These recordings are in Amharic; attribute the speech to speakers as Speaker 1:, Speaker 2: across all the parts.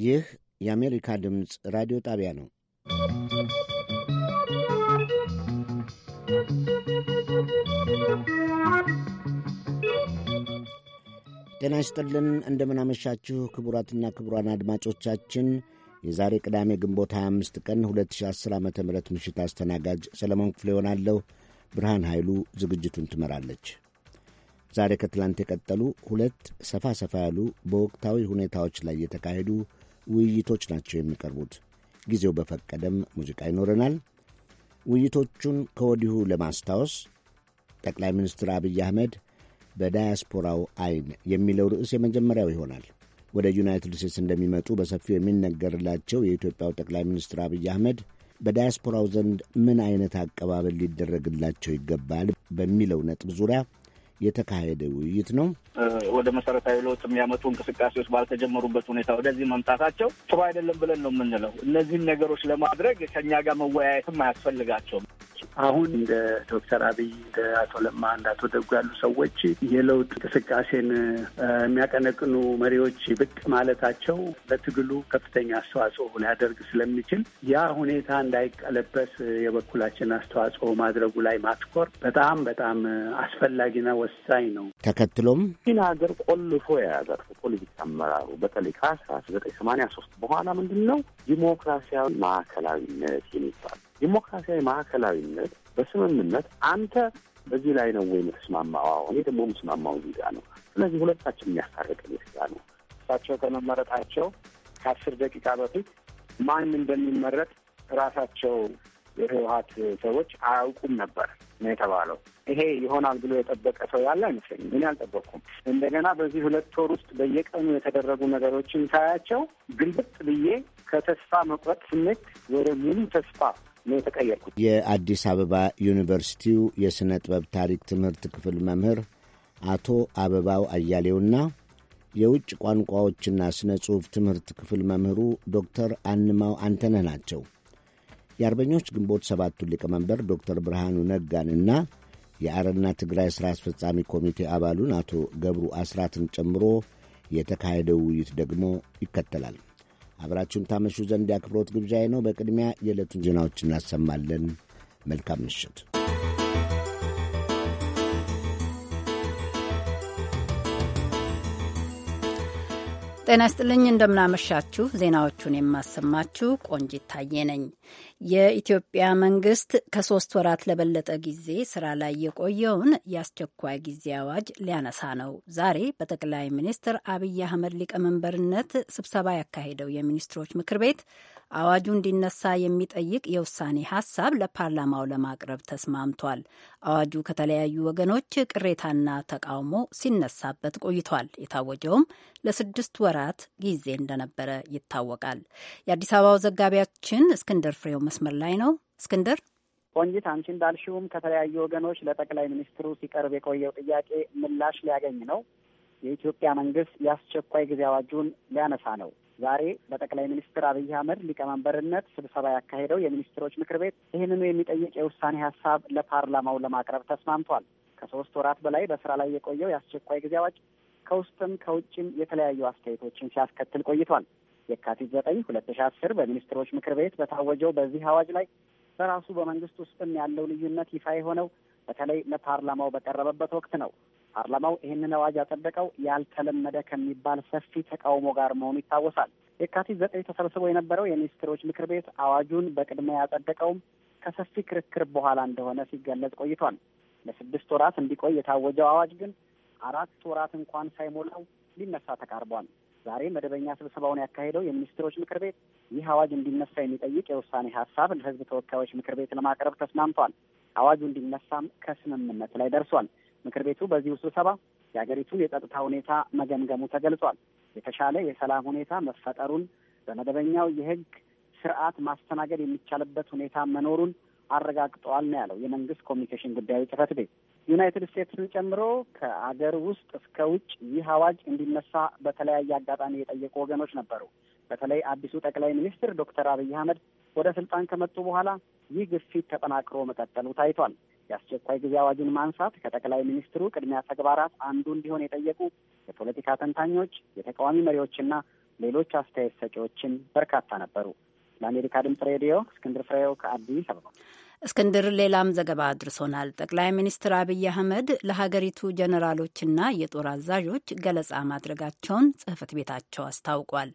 Speaker 1: ይህ የአሜሪካ ድምፅ ራዲዮ ጣቢያ ነው። ጤና ይስጥልን፣ እንደምናመሻችሁ ክቡራትና ክቡራን አድማጮቻችን የዛሬ ቅዳሜ ግንቦት 25 ቀን 2010 ዓ ም ምሽት አስተናጋጅ ሰለሞን ክፍሌ ይሆናለሁ። ብርሃን ኃይሉ ዝግጅቱን ትመራለች። ዛሬ ከትላንት የቀጠሉ ሁለት ሰፋ ሰፋ ያሉ በወቅታዊ ሁኔታዎች ላይ የተካሄዱ ውይይቶች ናቸው የሚቀርቡት። ጊዜው በፈቀደም ሙዚቃ ይኖረናል። ውይይቶቹን ከወዲሁ ለማስታወስ ጠቅላይ ሚኒስትር አብይ አህመድ በዳያስፖራው አይን የሚለው ርዕስ የመጀመሪያው ይሆናል። ወደ ዩናይትድ ስቴትስ እንደሚመጡ በሰፊው የሚነገርላቸው የኢትዮጵያው ጠቅላይ ሚኒስትር አብይ አህመድ በዳያስፖራው ዘንድ ምን አይነት አቀባበል ሊደረግላቸው ይገባል በሚለው ነጥብ ዙሪያ የተካሄደ ውይይት ነው።
Speaker 2: ወደ መሰረታዊ ለውጥ የሚያመጡ እንቅስቃሴዎች ባልተጀመሩበት ሁኔታ ወደዚህ መምጣታቸው ጥሩ አይደለም ብለን ነው የምንለው። እነዚህን ነገሮች ለማድረግ ከእኛ ጋር መወያየትም አያስፈልጋቸውም።
Speaker 3: አሁን እንደ ዶክተር አብይ እንደ አቶ ለማ እንደ አቶ ደጉ ያሉ ሰዎች የለውጥ እንቅስቃሴን የሚያቀነቅኑ መሪዎች ብቅ ማለታቸው ለትግሉ ከፍተኛ አስተዋጽኦ ሊያደርግ ስለሚችል ያ ሁኔታ እንዳይቀለበስ የበኩላችን አስተዋጽኦ ማድረጉ ላይ ማትኮር በጣም በጣም አስፈላጊና ወሳኝ ነው። ተከትሎም ይህን ሀገር ቆልፎ የያዘ ፖለቲካ አመራሩ በተለይ ከአስራ ዘጠኝ ሰማንያ ሶስት በኋላ ምንድን ነው ዲሞክራሲያዊ ማዕከላዊነት የሚባል ዲሞክራሲያዊ ማዕከላዊነት በስምምነት አንተ በዚህ ላይ ነው ወይ የምትስማማው? እኔ ደግሞ የምስማማው እዚህ ነው። ስለዚህ ሁለታችን የሚያስታርቀን የት ነው? እሳቸው ከመመረጣቸው ከአስር ደቂቃ በፊት ማን እንደሚመረጥ ራሳቸው የህወሀት ሰዎች አያውቁም ነበር ነው የተባለው። ይሄ ይሆናል ብሎ የጠበቀ ሰው ያለ አይመስለኝም። እኔ አልጠበቅኩም። እንደገና በዚህ ሁለት ወር ውስጥ በየቀኑ የተደረጉ ነገሮችን ሳያቸው ግልብጥ ብዬ ከተስፋ መቁረጥ ስሜት ወደ ሙሉ ተስፋ ነው የተቀየርኩት።
Speaker 1: የአዲስ አበባ ዩኒቨርሲቲው የሥነ ጥበብ ታሪክ ትምህርት ክፍል መምህር አቶ አበባው አያሌውና የውጭ ቋንቋዎችና ሥነ ጽሑፍ ትምህርት ክፍል መምህሩ ዶክተር አንማው አንተነህ ናቸው። የአርበኞች ግንቦት ሰባቱን ሊቀመንበር ዶክተር ብርሃኑ ነጋንና የአረና ትግራይ ሥራ አስፈጻሚ ኮሚቴ አባሉን አቶ ገብሩ አስራትን ጨምሮ የተካሄደው ውይይት ደግሞ ይከተላል። አብራችሁን ታመሹ ዘንድ የአክብሮት ግብዣዬ ነው። በቅድሚያ የዕለቱን ዜናዎች እናሰማለን።
Speaker 4: መልካም ምሽት። ጤና ይስጥልኝ እንደምናመሻችሁ። ዜናዎቹን የማሰማችሁ ቆንጂት ታዬ ነኝ። የኢትዮጵያ መንግስት ከሶስት ወራት ለበለጠ ጊዜ ስራ ላይ የቆየውን የአስቸኳይ ጊዜ አዋጅ ሊያነሳ ነው። ዛሬ በጠቅላይ ሚኒስትር አብይ አህመድ ሊቀመንበርነት ስብሰባ ያካሄደው የሚኒስትሮች ምክር ቤት አዋጁ እንዲነሳ የሚጠይቅ የውሳኔ ሀሳብ ለፓርላማው ለማቅረብ ተስማምቷል። አዋጁ ከተለያዩ ወገኖች ቅሬታና ተቃውሞ ሲነሳበት ቆይቷል። የታወጀውም ለስድስት ወራት ጊዜ እንደነበረ ይታወቃል። የአዲስ አበባው ዘጋቢያችን እስክንድር ፍሬው መስመር ላይ ነው። እስክንድር
Speaker 5: ቆንጂት፣ አንቺ እንዳልሽውም ከተለያዩ ወገኖች ለጠቅላይ ሚኒስትሩ ሲቀርብ የቆየው ጥያቄ ምላሽ ሊያገኝ ነው። የኢትዮጵያ መንግስት የአስቸኳይ ጊዜ አዋጁን ሊያነሳ ነው። ዛሬ በጠቅላይ ሚኒስትር አብይ አህመድ ሊቀመንበርነት ስብሰባ ያካሄደው የሚኒስትሮች ምክር ቤት ይህንኑ የሚጠይቅ የውሳኔ ሀሳብ ለፓርላማው ለማቅረብ ተስማምቷል። ከሶስት ወራት በላይ በስራ ላይ የቆየው የአስቸኳይ ጊዜ አዋጅ ከውስጥም ከውጭም የተለያዩ አስተያየቶችን ሲያስከትል ቆይቷል። የካቲት ዘጠኝ ሁለት ሺ አስር በሚኒስትሮች ምክር ቤት በታወጀው በዚህ አዋጅ ላይ በራሱ በመንግስት ውስጥም ያለው ልዩነት ይፋ የሆነው በተለይ ለፓርላማው በቀረበበት ወቅት ነው። ፓርላማው ይህንን አዋጅ ያጸደቀው ያልተለመደ ከሚባል ሰፊ ተቃውሞ ጋር መሆኑ ይታወሳል። የካቲት ዘጠኝ ተሰብስቦ የነበረው የሚኒስትሮች ምክር ቤት አዋጁን በቅድሚያ ያጸደቀውም ከሰፊ ክርክር በኋላ እንደሆነ ሲገለጽ ቆይቷል። ለስድስት ወራት እንዲቆይ የታወጀው አዋጅ ግን አራት ወራት እንኳን ሳይሞላው ሊነሳ ተቃርቧል። ዛሬ መደበኛ ስብሰባውን ያካሄደው የሚኒስትሮች ምክር ቤት ይህ አዋጅ እንዲነሳ የሚጠይቅ የውሳኔ ሀሳብ ለሕዝብ ተወካዮች ምክር ቤት ለማቅረብ ተስማምቷል። አዋጁ እንዲነሳም ከስምምነት ላይ ደርሷል። ምክር ቤቱ በዚሁ ስብሰባ የአገሪቱን የጸጥታ ሁኔታ መገምገሙ ተገልጿል። የተሻለ የሰላም ሁኔታ መፈጠሩን፣ በመደበኛው የህግ ስርዓት ማስተናገድ የሚቻልበት ሁኔታ መኖሩን አረጋግጠዋል ነው ያለው የመንግስት ኮሚኒኬሽን ጉዳዮች ጽህፈት ቤት። ዩናይትድ ስቴትስን ጨምሮ ከአገር ውስጥ እስከ ውጭ ይህ አዋጅ እንዲነሳ በተለያየ አጋጣሚ የጠየቁ ወገኖች ነበሩ። በተለይ አዲሱ ጠቅላይ ሚኒስትር ዶክተር አብይ አህመድ ወደ ስልጣን ከመጡ በኋላ ይህ ግፊት ተጠናክሮ መቀጠሉ ታይቷል። የአስቸኳይ ጊዜ አዋጅን ማንሳት ከጠቅላይ ሚኒስትሩ ቅድሚያ ተግባራት አንዱ እንዲሆን የጠየቁ የፖለቲካ ተንታኞች፣ የተቃዋሚ መሪዎችና ሌሎች አስተያየት ሰጪዎችን በርካታ ነበሩ። ለአሜሪካ ድምጽ ሬዲዮ እስክንድር ፍሬው ከአዲስ አበባ
Speaker 4: እስክንድር ሌላም ዘገባ አድርሶናል። ጠቅላይ ሚኒስትር አብይ አህመድ ለሀገሪቱ ጀኔራሎችና የጦር አዛዦች ገለጻ ማድረጋቸውን ጽህፈት ቤታቸው አስታውቋል።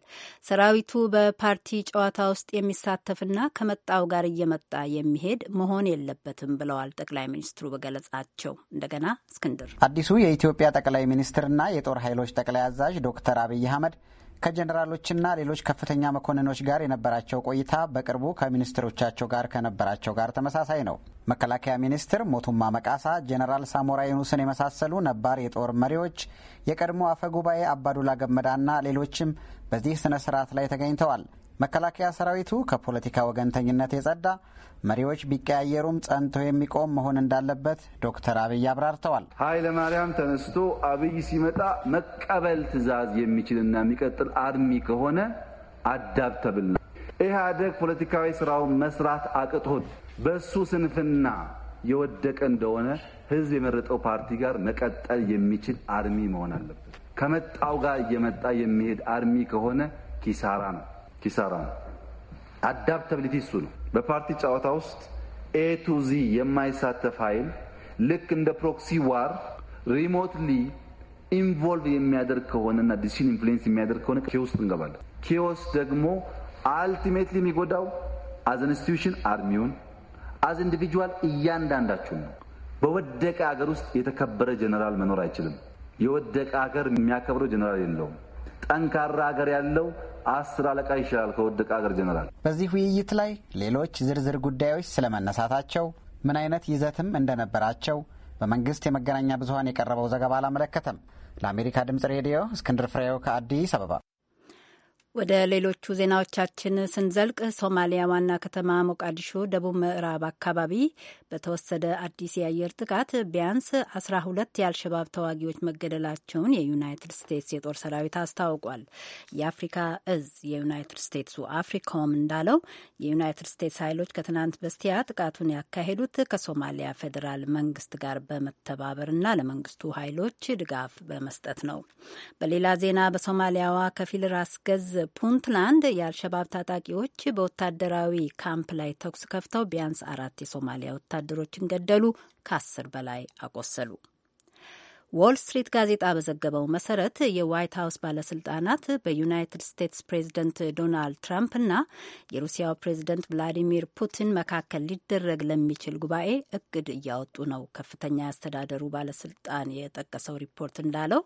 Speaker 4: ሰራዊቱ በፓርቲ ጨዋታ ውስጥ የሚሳተፍና ከመጣው ጋር እየመጣ የሚሄድ መሆን የለበትም ብለዋል ጠቅላይ ሚኒስትሩ በገለጻቸው። እንደገና እስክንድር
Speaker 1: አዲሱ የኢትዮጵያ
Speaker 6: ጠቅላይ ሚኒስትርና የጦር ኃይሎች ጠቅላይ አዛዥ ዶክተር አብይ አህመድ ከጀኔራሎችና ሌሎች ከፍተኛ መኮንኖች ጋር የነበራቸው ቆይታ በቅርቡ ከሚኒስትሮቻቸው ጋር ከነበራቸው ጋር ተመሳሳይ ነው። መከላከያ ሚኒስትር ሞቱማ መቃሳ፣ ጀኔራል ሳሞራ ዩኑስን የመሳሰሉ ነባር የጦር መሪዎች፣ የቀድሞ አፈ ጉባኤ አባዱላ ገመዳና ሌሎችም በዚህ ስነ ስርዓት ላይ ተገኝተዋል። መከላከያ ሰራዊቱ ከፖለቲካ ወገንተኝነት የጸዳ መሪዎች ቢቀያየሩም ጸንቶ የሚቆም መሆን እንዳለበት ዶክተር አብይ አብራርተዋል። ኃይለ ማርያም ተነስቶ አብይ ሲመጣ መቀበል ትዕዛዝ የሚችልና የሚቀጥል አርሚ ከሆነ አዳብተብል ነው። ኢህአደግ ፖለቲካዊ ስራውን መስራት አቅቶት በእሱ ስንፍና የወደቀ እንደሆነ ህዝብ የመረጠው ፓርቲ ጋር መቀጠል የሚችል አርሚ መሆን አለበት። ከመጣው ጋር እየመጣ የሚሄድ አርሚ ከሆነ ኪሳራ ነው። ኪሳራ ነው። አዳፕታብሊቲ እሱ ነው። በፓርቲ ጨዋታ ውስጥ ኤ ቱ ዚ የማይሳተፍ ኃይል ልክ እንደ ፕሮክሲ ዋር ሪሞትሊ ኢንቮልቭ የሚያደርግ ከሆነና ዲሲሽን ኢንፍሉዌንስ የሚያደርግ ከሆነ ኬዎስ እንገባለን። ኬዎስ ደግሞ አልቲሜትሊ የሚጎዳው አዝ ኢንስቲትዩሽን አርሚውን፣ አዝ ኢንዲቪጁዋል እያንዳንዳችሁን ነው። በወደቀ ሀገር ውስጥ የተከበረ ጀኔራል መኖር አይችልም። የወደቀ ሀገር የሚያከብረው ጀነራል የለውም። ጠንካራ ሀገር ያለው አስር
Speaker 7: አለቃ ይሻላል ከወደቀ አገር ጀነራል።
Speaker 6: በዚህ ውይይት ላይ ሌሎች ዝርዝር ጉዳዮች ስለመነሳታቸው፣ ምን አይነት ይዘትም እንደነበራቸው በመንግስት የመገናኛ ብዙኃን የቀረበው ዘገባ አላመለከተም። ለአሜሪካ ድምጽ ሬዲዮ እስክንድር ፍሬው ከአዲስ አበባ
Speaker 4: ወደ ሌሎቹ ዜናዎቻችን ስንዘልቅ ሶማሊያ ዋና ከተማ ሞቃዲሾ ደቡብ ምዕራብ አካባቢ በተወሰደ አዲስ የአየር ጥቃት ቢያንስ 12 የአልሸባብ ተዋጊዎች መገደላቸውን የዩናይትድ ስቴትስ የጦር ሰራዊት አስታውቋል። የአፍሪካ እዝ የዩናይትድ ስቴትሱ አፍሪኮም እንዳለው የዩናይትድ ስቴትስ ኃይሎች ከትናንት በስቲያ ጥቃቱን ያካሄዱት ከሶማሊያ ፌዴራል መንግስት ጋር በመተባበርና ለመንግስቱ ኃይሎች ድጋፍ በመስጠት ነው። በሌላ ዜና በሶማሊያዋ ከፊል ራስ ገዝ ፑንትላንድ የአልሸባብ ታጣቂዎች በወታደራዊ ካምፕ ላይ ተኩስ ከፍተው ቢያንስ አራት የሶማሊያ ወታደሮችን ገደሉ፣ ከአስር በላይ አቆሰሉ። ዎል ስትሪት ጋዜጣ በዘገበው መሰረት የዋይት ሀውስ ባለስልጣናት በዩናይትድ ስቴትስ ፕሬዝደንት ዶናልድ ትራምፕና የሩሲያው ፕሬዝደንት ቭላዲሚር ፑቲን መካከል ሊደረግ ለሚችል ጉባኤ እቅድ እያወጡ ነው። ከፍተኛ የአስተዳደሩ ባለስልጣን የጠቀሰው ሪፖርት እንዳለው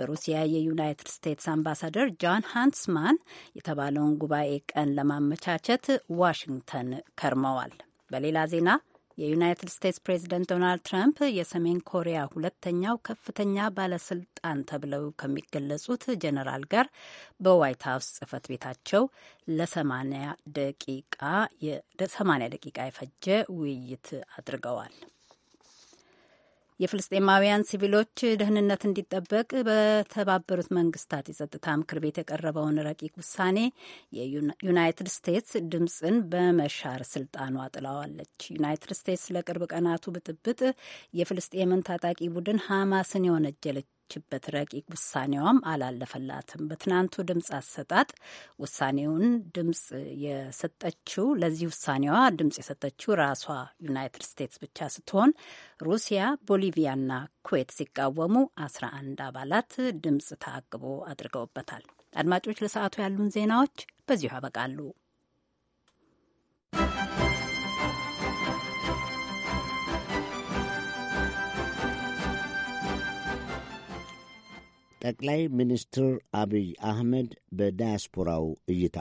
Speaker 4: በሩሲያ የዩናይትድ ስቴትስ አምባሳደር ጆን ሃንትስማን የተባለውን ጉባኤ ቀን ለማመቻቸት ዋሽንግተን ከርመዋል። በሌላ ዜና የዩናይትድ ስቴትስ ፕሬዚደንት ዶናልድ ትራምፕ የሰሜን ኮሪያ ሁለተኛው ከፍተኛ ባለስልጣን ተብለው ከሚገለጹት ጀነራል ጋር በዋይት ሀውስ ጽህፈት ቤታቸው ለሰማንያ ደቂቃ የፈጀ ውይይት አድርገዋል። የፍልስጤማውያን ሲቪሎች ደህንነት እንዲጠበቅ በተባበሩት መንግስታት የጸጥታ ምክር ቤት የቀረበውን ረቂቅ ውሳኔ የዩናይትድ ስቴትስ ድምፅን በመሻር ስልጣኗ ጥላዋለች። ዩናይትድ ስቴትስ ለቅርብ ቀናቱ ብጥብጥ የፍልስጤምን ታጣቂ ቡድን ሐማስን የወነጀለች ችበት ረቂቅ ውሳኔዋም አላለፈላትም። በትናንቱ ድምፅ አሰጣጥ ውሳኔውን ድምፅ የሰጠችው ለዚህ ውሳኔዋ ድምፅ የሰጠችው ራሷ ዩናይትድ ስቴትስ ብቻ ስትሆን ሩሲያ፣ ቦሊቪያና ኩዌት ሲቃወሙ 11 አባላት ድምፅ ተአቅቦ አድርገውበታል። አድማጮች፣ ለሰዓቱ ያሉን ዜናዎች በዚሁ ያበቃሉ።
Speaker 1: ጠቅላይ ሚኒስትር አብይ አህመድ በዳያስፖራው እይታ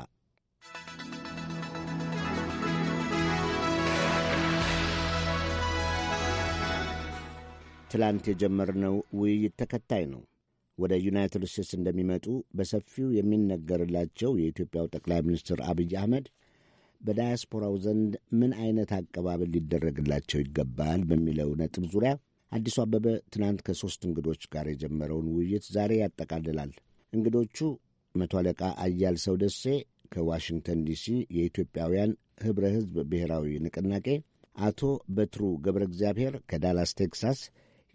Speaker 1: ትላንት የጀመርነው ውይይት ተከታይ ነው። ወደ ዩናይትድ ስቴትስ እንደሚመጡ በሰፊው የሚነገርላቸው የኢትዮጵያው ጠቅላይ ሚኒስትር አብይ አህመድ በዳያስፖራው ዘንድ ምን አይነት አቀባበል ሊደረግላቸው ይገባል በሚለው ነጥብ ዙሪያ አዲሱ አበበ ትናንት ከሦስት እንግዶች ጋር የጀመረውን ውይይት ዛሬ ያጠቃልላል። እንግዶቹ መቶ አለቃ ሰው ደሴ ከዋሽንግተን ዲሲ የኢትዮጵያውያን ኅብረ ሕዝብ ብሔራዊ ንቅናቄ፣ አቶ በትሩ ገብረ እግዚአብሔር ከዳላስ ቴክሳስ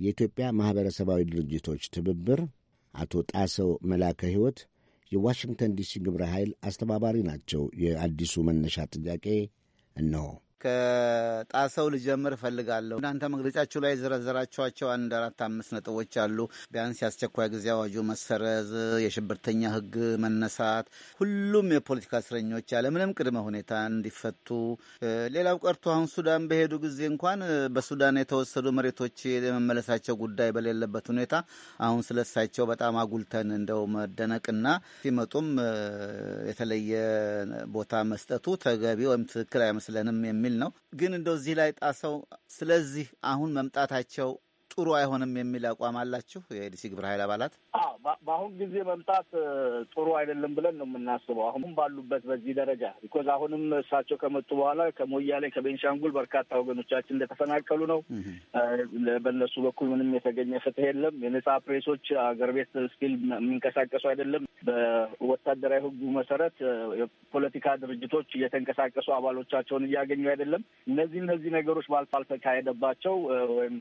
Speaker 1: የኢትዮጵያ ማኅበረሰባዊ ድርጅቶች ትብብር፣ አቶ ጣሰው መላከ ሕይወት የዋሽንግተን ዲሲ ግብረ ኃይል አስተባባሪ ናቸው። የአዲሱ መነሻ ጥያቄ እነሆ።
Speaker 6: ከጣሰው ልጀምር እፈልጋለሁ። እናንተ መግለጫችሁ ላይ የዘረዘራችኋቸው አንድ አራት አምስት ነጥቦች አሉ። ቢያንስ የአስቸኳይ ጊዜ አዋጁ መሰረዝ፣ የሽብርተኛ ህግ መነሳት፣ ሁሉም የፖለቲካ እስረኞች ያለምንም ቅድመ ሁኔታ እንዲፈቱ፣ ሌላው ቀርቶ አሁን ሱዳን በሄዱ ጊዜ እንኳን በሱዳን የተወሰዱ መሬቶች የመመለሳቸው ጉዳይ በሌለበት ሁኔታ አሁን ስለሳቸው በጣም አጉልተን እንደው መደነቅና ሲመጡም የተለየ ቦታ መስጠቱ ተገቢ ወይም ትክክል አይመስለንም የሚ የሚል ነው። ግን እንደዚህ ላይ ጣሰው ስለዚህ አሁን መምጣታቸው ጥሩ አይሆንም የሚል አቋም አላችሁ የኤዲሲ ግብረ ኃይል አባላት?
Speaker 2: በአሁን ጊዜ መምጣት ጥሩ አይደለም ብለን ነው የምናስበው። አሁንም ባሉበት በዚህ ደረጃ ቢኮዝ አሁንም እሳቸው ከመጡ በኋላ ከሞያሌ ከቤንሻንጉል በርካታ ወገኖቻችን እንደተፈናቀሉ ነው። በእነሱ በኩል ምንም የተገኘ ፍትህ የለም። የነጻ ፕሬሶች አገር ቤት ስኪል የሚንቀሳቀሱ አይደለም። በወታደራዊ ህጉ መሰረት የፖለቲካ ድርጅቶች እየተንቀሳቀሱ አባሎቻቸውን እያገኙ አይደለም። እነዚህ እነዚህ ነገሮች ባልተካሄደባቸው ወይም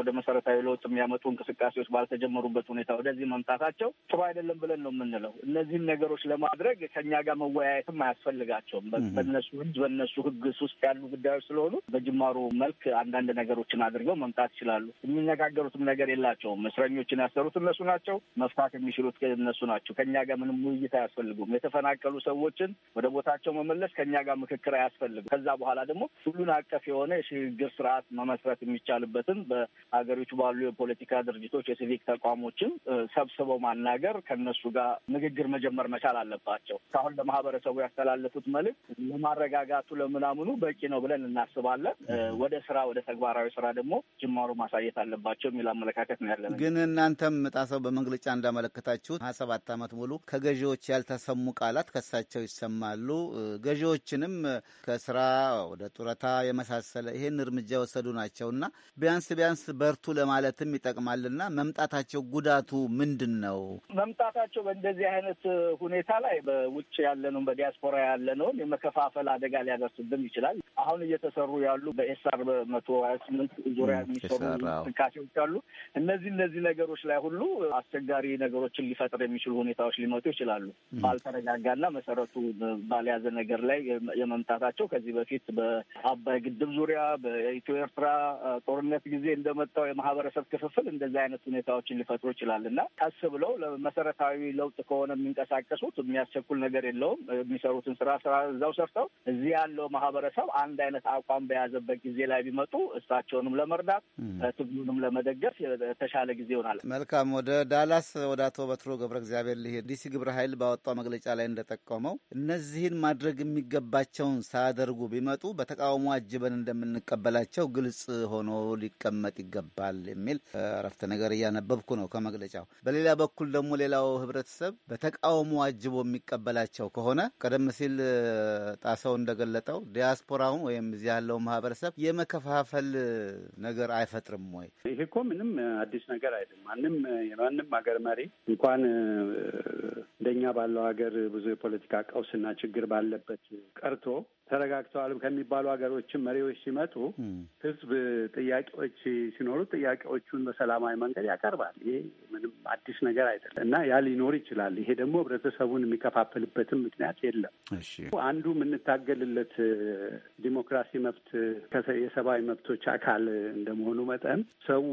Speaker 2: ወደ መሰ መሰረታዊ ለውጥ የሚያመጡ እንቅስቃሴዎች ባልተጀመሩበት ሁኔታ ወደዚህ መምጣታቸው ጥሩ አይደለም ብለን ነው የምንለው። እነዚህን ነገሮች ለማድረግ ከኛ ጋር መወያየትም አያስፈልጋቸውም። በነሱ ህግ በነሱ ህግ ውስጥ ያሉ ጉዳዮች ስለሆኑ በጅማሩ መልክ አንዳንድ ነገሮችን አድርገው መምጣት ይችላሉ። የሚነጋገሩትም ነገር የላቸውም። እስረኞችን ያሰሩት እነሱ ናቸው። መፍታት የሚችሉት እነሱ ናቸው። ከኛ ጋር ምንም ውይይት አያስፈልጉም። የተፈናቀሉ ሰዎችን ወደ ቦታቸው መመለስ ከኛ ጋር ምክክር አያስፈልጉም። ከዛ በኋላ ደግሞ ሁሉን አቀፍ የሆነ የሽግግር ስርዓት መመስረት የሚቻልበትን በአገ አካባቢዎች ባሉ የፖለቲካ ድርጅቶች፣ የሲቪክ ተቋሞችም ሰብስበው ማናገር፣ ከነሱ ጋር ንግግር መጀመር መቻል አለባቸው። እስካሁን ለማህበረሰቡ ያስተላለፉት መልእክት ለማረጋጋቱ ለምናምኑ በቂ ነው ብለን እናስባለን። ወደ ስራ ወደ ተግባራዊ ስራ ደግሞ ጅማሩ ማሳየት አለባቸው የሚል አመለካከት ነው ያለን። ግን
Speaker 6: እናንተም ጣሰው በመግለጫ እንዳመለከታችሁት ሀያ ሰባት ዓመት ሙሉ ከገዢዎች ያልተሰሙ ቃላት ከሳቸው ይሰማሉ። ገዢዎችንም ከስራ ወደ ጡረታ የመሳሰለ ይህን እርምጃ የወሰዱ ናቸውና ቢያንስ ቢያንስ በርቱ ለማለትም ይጠቅማልና መምጣታቸው ጉዳቱ ምንድን ነው?
Speaker 2: መምጣታቸው በእንደዚህ አይነት ሁኔታ ላይ በውጭ ያለነውን በዲያስፖራ ያለነውን የመከፋፈል አደጋ ሊያደርስብን ይችላል። አሁን እየተሰሩ ያሉ በኤስአር መቶ ሀያ ስምንት ዙሪያ የሚሰሩ እንቅስቃሴዎች አሉ። እነዚህ እነዚህ ነገሮች ላይ ሁሉ አስቸጋሪ ነገሮችን ሊፈጥር የሚችሉ ሁኔታዎች ሊመጡ ይችላሉ። ባልተረጋጋና መሰረቱ ባልያዘ ነገር ላይ የመምጣታቸው ከዚህ በፊት በአባይ ግድብ ዙሪያ በኢትዮ ኤርትራ ጦርነት ጊዜ እንደመጣው የማህበረሰብ ክፍፍል እንደዚህ አይነት ሁኔታዎችን ሊፈጥሩ ይችላል እና ቀስ ብለው መሰረታዊ ለውጥ ከሆነ የሚንቀሳቀሱት የሚያስቸኩል ነገር የለውም። የሚሰሩትን ስራ ስራ እዛው ሰርተው እዚህ ያለው ማህበረሰብ አንድ አይነት አቋም በያዘበት ጊዜ ላይ ቢመጡ እሳቸውንም ለመርዳት ትግሉንም ለመደገፍ የተሻለ ጊዜ ይሆናል።
Speaker 6: መልካም። ወደ ዳላስ ወደ አቶ በትሮ ገብረ እግዚአብሔር ልሄድ። ዲሲ ግብረ ኃይል ባወጣው መግለጫ ላይ እንደጠቀመው እነዚህን ማድረግ የሚገባቸውን ሳያደርጉ ቢመጡ በተቃውሞ አጅበን እንደምንቀበላቸው ግልጽ ሆኖ ሊቀመጥ ይገባል ይገባል የሚል ረፍተ ነገር እያነበብኩ ነው ከመግለጫው። በሌላ በኩል ደግሞ ሌላው ህብረተሰብ በተቃውሞ አጅቦ የሚቀበላቸው ከሆነ ቀደም ሲል ጣሰው እንደገለጠው ዲያስፖራውን ወይም እዚህ ያለው ማህበረሰብ የመከፋፈል ነገር አይፈጥርም ወይ?
Speaker 3: ይህ እኮ ምንም አዲስ ነገር አይደለም። ማንም የማንም ሀገር መሪ እንኳን እንደኛ ባለው ሀገር ብዙ የፖለቲካ ቀውስና ችግር ባለበት ቀርቶ ተረጋግተዋል ከሚባሉ ሀገሮችን መሪዎች ሲመጡ ህዝብ ጥያቄዎች ሲኖሩ ጥያቄዎቹን በሰላማዊ መንገድ ያቀርባል። ይሄ ምንም አዲስ ነገር አይደለም እና ያ ሊኖር ይችላል። ይሄ ደግሞ ህብረተሰቡን የሚከፋፍልበትም ምክንያት የለም። አንዱ የምንታገልለት ዲሞክራሲ መብት የሰብአዊ መብቶች አካል እንደመሆኑ መጠን ሰው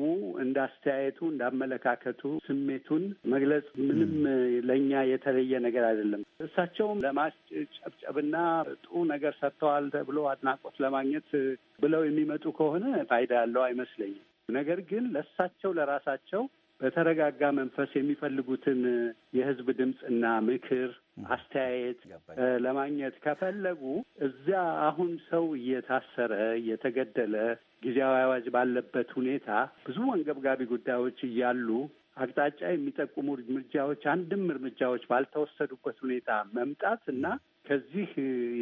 Speaker 3: እንደ አስተያየቱ እንደ አመለካከቱ ስሜቱን መግለጽ ምንም ለእኛ የተለየ ነገር አይደለም። እሳቸውም ለማጨብጨብና ጥሩ ነገር ሰጥተዋል ተብሎ አድናቆት ለማግኘት ብለው የሚመጡ ከሆነ ፋይዳ ያለው አይመስለኝም። ነገር ግን ለሳቸው ለራሳቸው በተረጋጋ መንፈስ የሚፈልጉትን የሕዝብ ድምፅና ምክር አስተያየት ለማግኘት ከፈለጉ እዚያ አሁን ሰው እየታሰረ እየተገደለ ጊዜያዊ አዋጅ ባለበት ሁኔታ ብዙ ወንገብጋቢ ጉዳዮች እያሉ አቅጣጫ የሚጠቁሙ እርምጃዎች አንድም እርምጃዎች ባልተወሰዱበት ሁኔታ መምጣት እና ከዚህ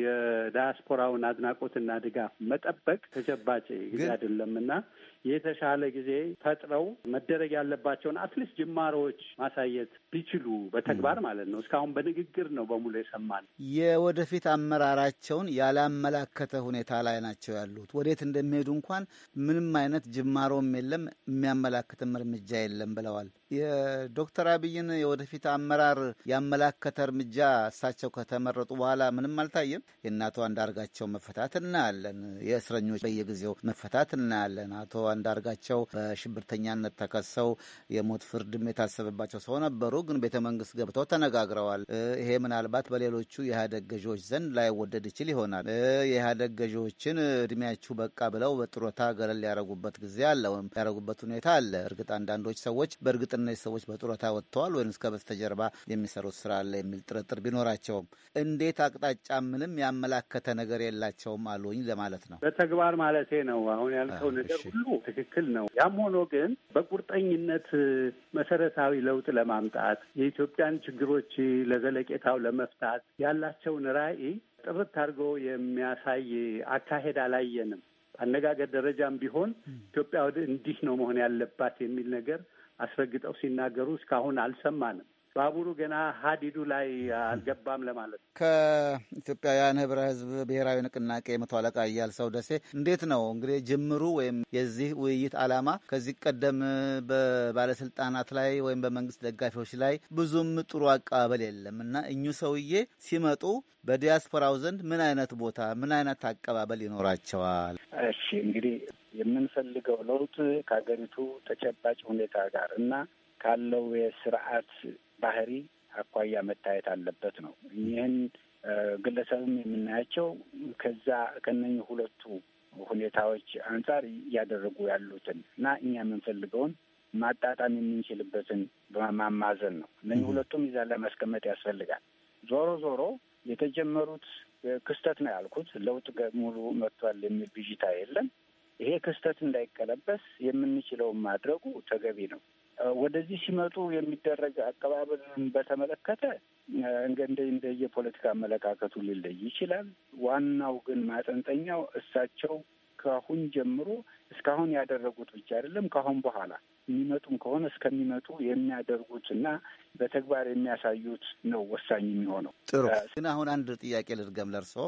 Speaker 3: የዳያስፖራውን አድናቆትና ድጋፍ መጠበቅ ተጨባጭ አይደለምና የተሻለ ጊዜ ፈጥረው መደረግ ያለባቸውን አትሊስት ጅማሮዎች ማሳየት ቢችሉ በተግባር ማለት ነው። እስካሁን በንግግር ነው በሙሉ የሰማን።
Speaker 6: የወደፊት አመራራቸውን ያላመላከተ ሁኔታ ላይ ናቸው ያሉት። ወዴት እንደሚሄዱ እንኳን ምንም አይነት ጅማሮም የለም የሚያመላክትም እርምጃ የለም ብለዋል። የዶክተር አብይን የወደፊት አመራር ያመላከተ እርምጃ እሳቸው ከተመረጡ በኋላ ምንም አልታየም። የእናቶ አንዳርጋቸው መፈታት እናያለን። የእስረኞች በየጊዜው መፈታት እናያለን። አቶ አንዳርጋቸው በሽብርተኛነት ተከሰው የሞት ፍርድም የታሰበባቸው ሰው ነበሩ። ግን ቤተ መንግስት ገብተው ተነጋግረዋል። ይሄ ምናልባት በሌሎቹ የኢህአደግ ገዢዎች ዘንድ ላይወደድ ይችል ይሆናል። የኢህአደግ ገዢዎችን እድሜያችሁ በቃ ብለው በጥሮታ ገለል ያረጉበት ጊዜ አለ፣ ወይም ያረጉበት ሁኔታ አለ። እርግጥ አንዳንዶች ሰዎች በእርግጥ እነዚህ ሰዎች በጥሮታ ወጥተዋል ወይም እስከ በስተጀርባ የሚሰሩት ስራ አለ የሚል ጥርጥር ቢኖራቸውም እንዴት አቅጣጫ ምንም ያመላከተ ነገር የላቸውም አሉኝ ለማለት ነው።
Speaker 3: በተግባር ማለቴ ነው። አሁን ያልከው ነገር ሁሉ ትክክል ነው። ያም ሆኖ ግን በቁርጠኝነት መሰረታዊ ለውጥ ለማምጣት የኢትዮጵያን ችግሮች ለዘለቄታው ለመፍታት ያላቸውን ራዕይ ጥርት አድርጎ የሚያሳይ አካሄድ አላየንም። አነጋገር ደረጃም ቢሆን ኢትዮጵያ ወደ እንዲህ ነው መሆን ያለባት የሚል ነገር አስረግጠው ሲናገሩ እስካሁን አልሰማንም። ባቡሩ ገና ሀዲዱ ላይ አልገባም ለማለት ነው።
Speaker 6: ከኢትዮጵያውያን ህብረ ህዝብ ብሔራዊ ንቅናቄ መቶ አለቃ ሰው ደሴ እንዴት ነው እንግዲህ ጅምሩ ወይም የዚህ ውይይት አላማ ከዚህ ቀደም በባለስልጣናት ላይ ወይም በመንግስት ደጋፊዎች ላይ ብዙም ጥሩ አቀባበል የለም እና እኙ ሰውዬ ሲመጡ በዲያስፖራው ዘንድ ምን አይነት ቦታ ምን አይነት አቀባበል ይኖራቸዋል? እሺ እንግዲህ
Speaker 3: የምንፈልገው ለውጥ ከሀገሪቱ ተጨባጭ ሁኔታ ጋር እና ካለው የስርዓት ባህሪ አኳያ መታየት አለበት ነው። ይህን ግለሰብም የምናያቸው ከዛ ከነኝ ሁለቱ ሁኔታዎች አንጻር እያደረጉ ያሉትን እና እኛ የምንፈልገውን ማጣጣም የምንችልበትን በማማዘን ነው። እነዚህ ሁለቱም ይዛ ለማስቀመጥ ያስፈልጋል። ዞሮ ዞሮ የተጀመሩት ክስተት ነው ያልኩት። ለውጥ ሙሉ መጥቷል የሚል ብዥታ የለም። ይሄ ክስተት እንዳይቀለበስ የምንችለውን ማድረጉ ተገቢ ነው። ወደዚህ ሲመጡ የሚደረግ አቀባበልን በተመለከተ እንደ እንደ የፖለቲካ አመለካከቱ ሊለይ ይችላል። ዋናው ግን ማጠንጠኛው እሳቸው ከአሁን ጀምሮ እስካሁን ያደረጉት ብቻ አይደለም፣ ከአሁን በኋላ የሚመጡም ከሆነ እስከሚመጡ የሚያደርጉት እና በተግባር የሚያሳዩት ነው ወሳኝ የሚሆነው። ጥሩ
Speaker 6: ግን አሁን አንድ ጥያቄ ልድገም ለእርስዎ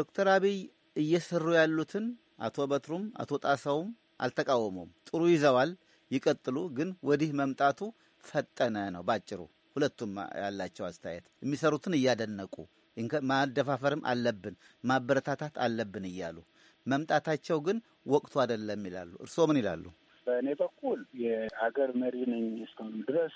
Speaker 6: ዶክተር አብይ እየሰሩ ያሉትን አቶ በትሩም አቶ ጣሰውም አልተቃወሙም። ጥሩ ይዘዋል ይቀጥሉ፣ ግን ወዲህ መምጣቱ ፈጠነ ነው ባጭሩ። ሁለቱም ያላቸው አስተያየት የሚሰሩትን እያደነቁ ማደፋፈርም አለብን ማበረታታት አለብን እያሉ መምጣታቸው ግን ወቅቱ አይደለም ይላሉ። እርስዎ ምን ይላሉ?
Speaker 3: በእኔ በኩል የሀገር መሪ ነኝ እስከሆኑ ድረስ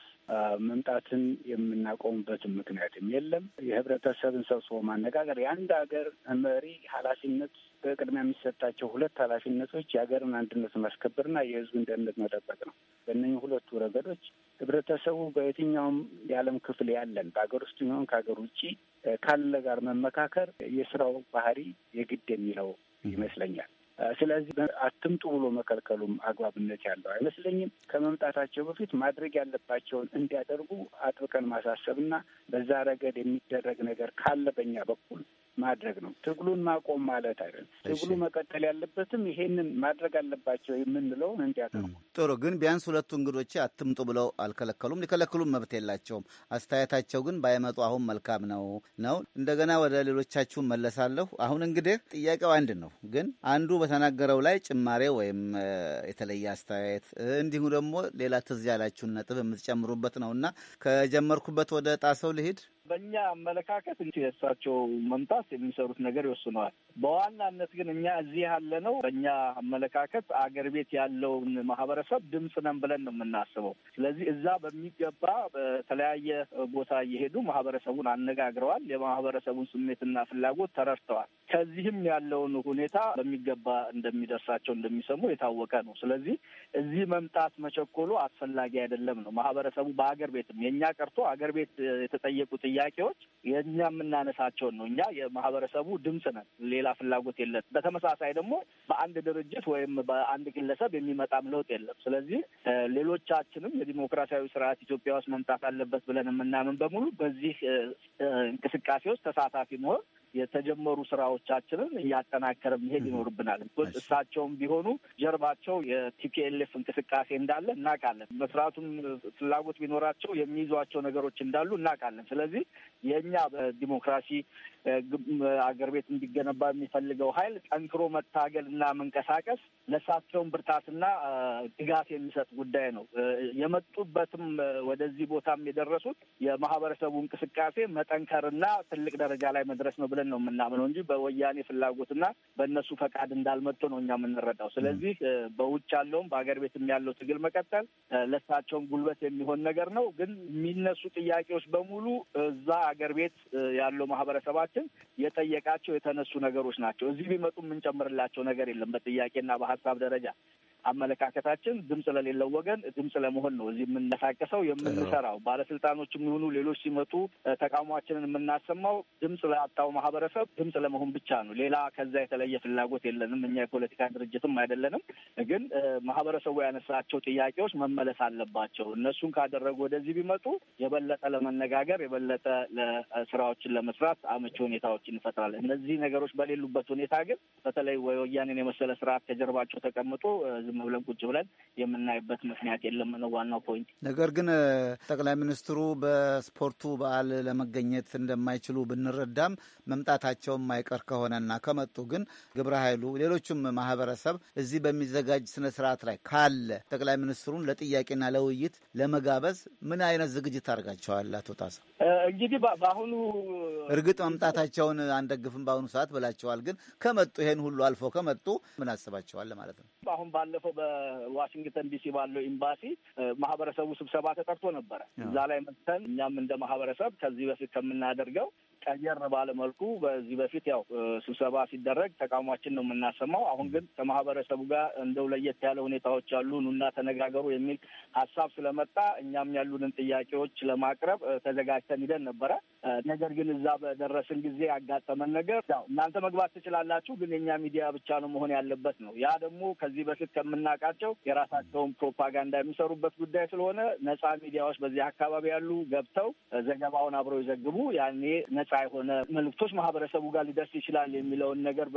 Speaker 3: መምጣትን የምናቆምበትን ምክንያትም የለም። የህብረተሰብን ሰብስቦ ማነጋገር የአንድ ሀገር መሪ ኃላፊነት በቅድሚያ የሚሰጣቸው ሁለት ኃላፊነቶች የሀገርን አንድነት ማስከበርና የህዝቡ ደህንነት መጠበቅ ነው። በእነኝ ሁለቱ ረገዶች ህብረተሰቡ በየትኛውም የዓለም ክፍል ያለን በሀገር ውስጥ የሚሆን ከሀገር ውጭ ካለ ጋር መመካከር የስራው ባህሪ የግድ የሚለው ይመስለኛል። ስለዚህ አትምጡ ብሎ መከልከሉም አግባብነት ያለው አይመስለኝም። ከመምጣታቸው በፊት ማድረግ ያለባቸውን እንዲያደርጉ አጥብቀን ማሳሰብና በዛ ረገድ የሚደረግ ነገር ካለ በኛ በኩል ማድረግ ነው። ትግሉን ማቆም ማለት አይደለም። ትግሉ መቀጠል ያለበትም ይሄንን ማድረግ አለባቸው የምንለውን እንዲያቀርቡ።
Speaker 6: ጥሩ ግን ቢያንስ ሁለቱ እንግዶች አትምጡ ብለው አልከለከሉም። ሊከለክሉም መብት የላቸውም። አስተያየታቸው ግን ባይመጡ አሁን መልካም ነው ነው። እንደገና ወደ ሌሎቻችሁ መለሳለሁ። አሁን እንግዲህ ጥያቄው አንድ ነው፣ ግን አንዱ በተናገረው ላይ ጭማሬ ወይም የተለየ አስተያየት እንዲሁ ደግሞ ሌላ ትዝ ያላችሁን ነጥብ የምትጨምሩበት ነው እና ከጀመርኩበት ወደ ጣሰው ልሂድ።
Speaker 2: በእኛ አመለካከት የእሳቸው መምጣት የሚሰሩት ነገር ይወስነዋል። በዋናነት ግን እኛ እዚህ ያለነው በእኛ አመለካከት አገር ቤት ያለውን ማህበረሰብ ድምፅ ነን ብለን ነው የምናስበው። ስለዚህ እዛ በሚገባ በተለያየ ቦታ እየሄዱ ማህበረሰቡን አነጋግረዋል። የማህበረሰቡን ስሜትና ፍላጎት ተረድተዋል። ከዚህም ያለውን ሁኔታ በሚገባ እንደሚደርሳቸው እንደሚሰሙ የታወቀ ነው። ስለዚህ እዚህ መምጣት መቸኮሉ አስፈላጊ አይደለም ነው ማህበረሰቡ በአገር ቤትም የእኛ ቀርቶ አገር ቤት የተጠየቁት ጥያቄዎች የእኛ የምናነሳቸውን ነው። እኛ የማህበረሰቡ ድምፅ ነን። ሌላ ፍላጎት የለን። በተመሳሳይ ደግሞ በአንድ ድርጅት ወይም በአንድ ግለሰብ የሚመጣም ለውጥ የለም። ስለዚህ ሌሎቻችንም የዲሞክራሲያዊ ስርዓት ኢትዮጵያ ውስጥ መምጣት አለበት ብለን የምናምን በሙሉ በዚህ እንቅስቃሴ ውስጥ ተሳታፊ መሆን የተጀመሩ ስራዎቻችንን እያጠናከረ መሄድ ይኖርብናል። እሳቸውም ቢሆኑ ጀርባቸው የቲፒኤልኤፍ እንቅስቃሴ እንዳለ እናውቃለን። መስራቱን ፍላጎት ቢኖራቸው የሚይዟቸው ነገሮች እንዳሉ እናውቃለን። ስለዚህ የእኛ በዲሞክራሲ አገር ቤት እንዲገነባ የሚፈልገው ኃይል ጠንክሮ መታገል እና መንቀሳቀስ ለእሳቸውን ብርታትና ድጋፍ የሚሰጥ ጉዳይ ነው። የመጡበትም ወደዚህ ቦታም የደረሱት የማህበረሰቡ እንቅስቃሴ መጠንከርና ትልቅ ደረጃ ላይ መድረስ ነው ብለን ነው የምናምነው እንጂ በወያኔ ፍላጎትና በእነሱ ፈቃድ እንዳልመጡ ነው እኛ የምንረዳው። ስለዚህ በውጭ ያለውም በሀገር ቤትም ያለው ትግል መቀጠል ለእሳቸውም ጉልበት የሚሆን ነገር ነው። ግን የሚነሱ ጥያቄዎች በሙሉ እዛ አገር ቤት ያለው ማህበረሰባት ህዝባችን የጠየቃቸው የተነሱ ነገሮች ናቸው። እዚህ ቢመጡ የምንጨምርላቸው ነገር የለም። በጥያቄና በሀሳብ ደረጃ አመለካከታችን ድምፅ ለሌለው ወገን ድምፅ ለመሆን ነው እዚህ የምንቀሳቀሰው የምንሰራው። ባለስልጣኖች የሚሆኑ ሌሎች ሲመጡ ተቃውሟችንን የምናሰማው ድምፅ ለአጣው ማህበረሰብ ድምፅ ለመሆን ብቻ ነው። ሌላ ከዛ የተለየ ፍላጎት የለንም። እኛ የፖለቲካ ድርጅትም አይደለንም። ግን ማህበረሰቡ ያነሳቸው ጥያቄዎች መመለስ አለባቸው። እነሱን ካደረጉ ወደዚህ ቢመጡ የበለጠ ለመነጋገር የበለጠ ስራዎችን ለመስራት አመቺ ሁኔታዎችን ይፈጥራል። እነዚህ ነገሮች በሌሉበት ሁኔታ ግን በተለይ ወያኔን የመሰለ ስርዓት ከጀርባቸው ተቀምጦ ዝም ብለን ቁጭ ብለን የምናይበት ምክንያት የለም ነው ዋናው ፖይንት።
Speaker 6: ነገር ግን ጠቅላይ ሚኒስትሩ በስፖርቱ በዓል ለመገኘት እንደማይችሉ ብንረዳም መምጣታቸው የማይቀር ከሆነና ከመጡ ግን ግብረ ኃይሉ ሌሎቹም ማህበረሰብ እዚህ በሚዘጋጅ ስነ ስርዓት ላይ ካለ ጠቅላይ ሚኒስትሩን ለጥያቄና ለውይይት ለመጋበዝ ምን አይነት ዝግጅት አድርጋቸዋል? አቶ ጣሰ እንግዲህ በአሁኑ እርግጥ መምጣታቸውን አንደግፍም በአሁኑ ሰዓት ብላቸዋል። ግን ከመጡ ይሄን ሁሉ አልፎ ከመጡ ምን አስባቸዋል ማለት ነው።
Speaker 2: አሁን ባለ ባለፈው በዋሽንግተን ዲሲ ባለው ኤምባሲ ማህበረሰቡ ስብሰባ ተጠርቶ ነበረ። እዛ ላይ መጥተን እኛም እንደ ማህበረሰብ ከዚህ በፊት ከምናደርገው ቀየር ባለ መልኩ በዚህ በፊት ያው ስብሰባ ሲደረግ ተቃውሟችን ነው የምናሰማው። አሁን ግን ከማህበረሰቡ ጋር እንደው ለየት ያለ ሁኔታዎች አሉ፣ ኑና ተነጋገሩ የሚል ሀሳብ ስለመጣ እኛም ያሉንን ጥያቄዎች ለማቅረብ ተዘጋጅተን ሂደን ነበረ። ነገር ግን እዛ በደረስን ጊዜ ያጋጠመን ነገር ያው እናንተ መግባት ትችላላችሁ፣ ግን የእኛ ሚዲያ ብቻ ነው መሆን ያለበት ነው። ያ ደግሞ ከዚህ በፊት ከምናውቃቸው የራሳቸውን ፕሮፓጋንዳ የሚሰሩበት ጉዳይ ስለሆነ ነፃ ሚዲያዎች በዚህ አካባቢ ያሉ ገብተው ዘገባውን አብረው ይዘግቡ። ያኔ ይፋ የሆነ መልእክቶች ማህበረሰቡ ጋር ሊደርስ ይችላል የሚለውን ነገር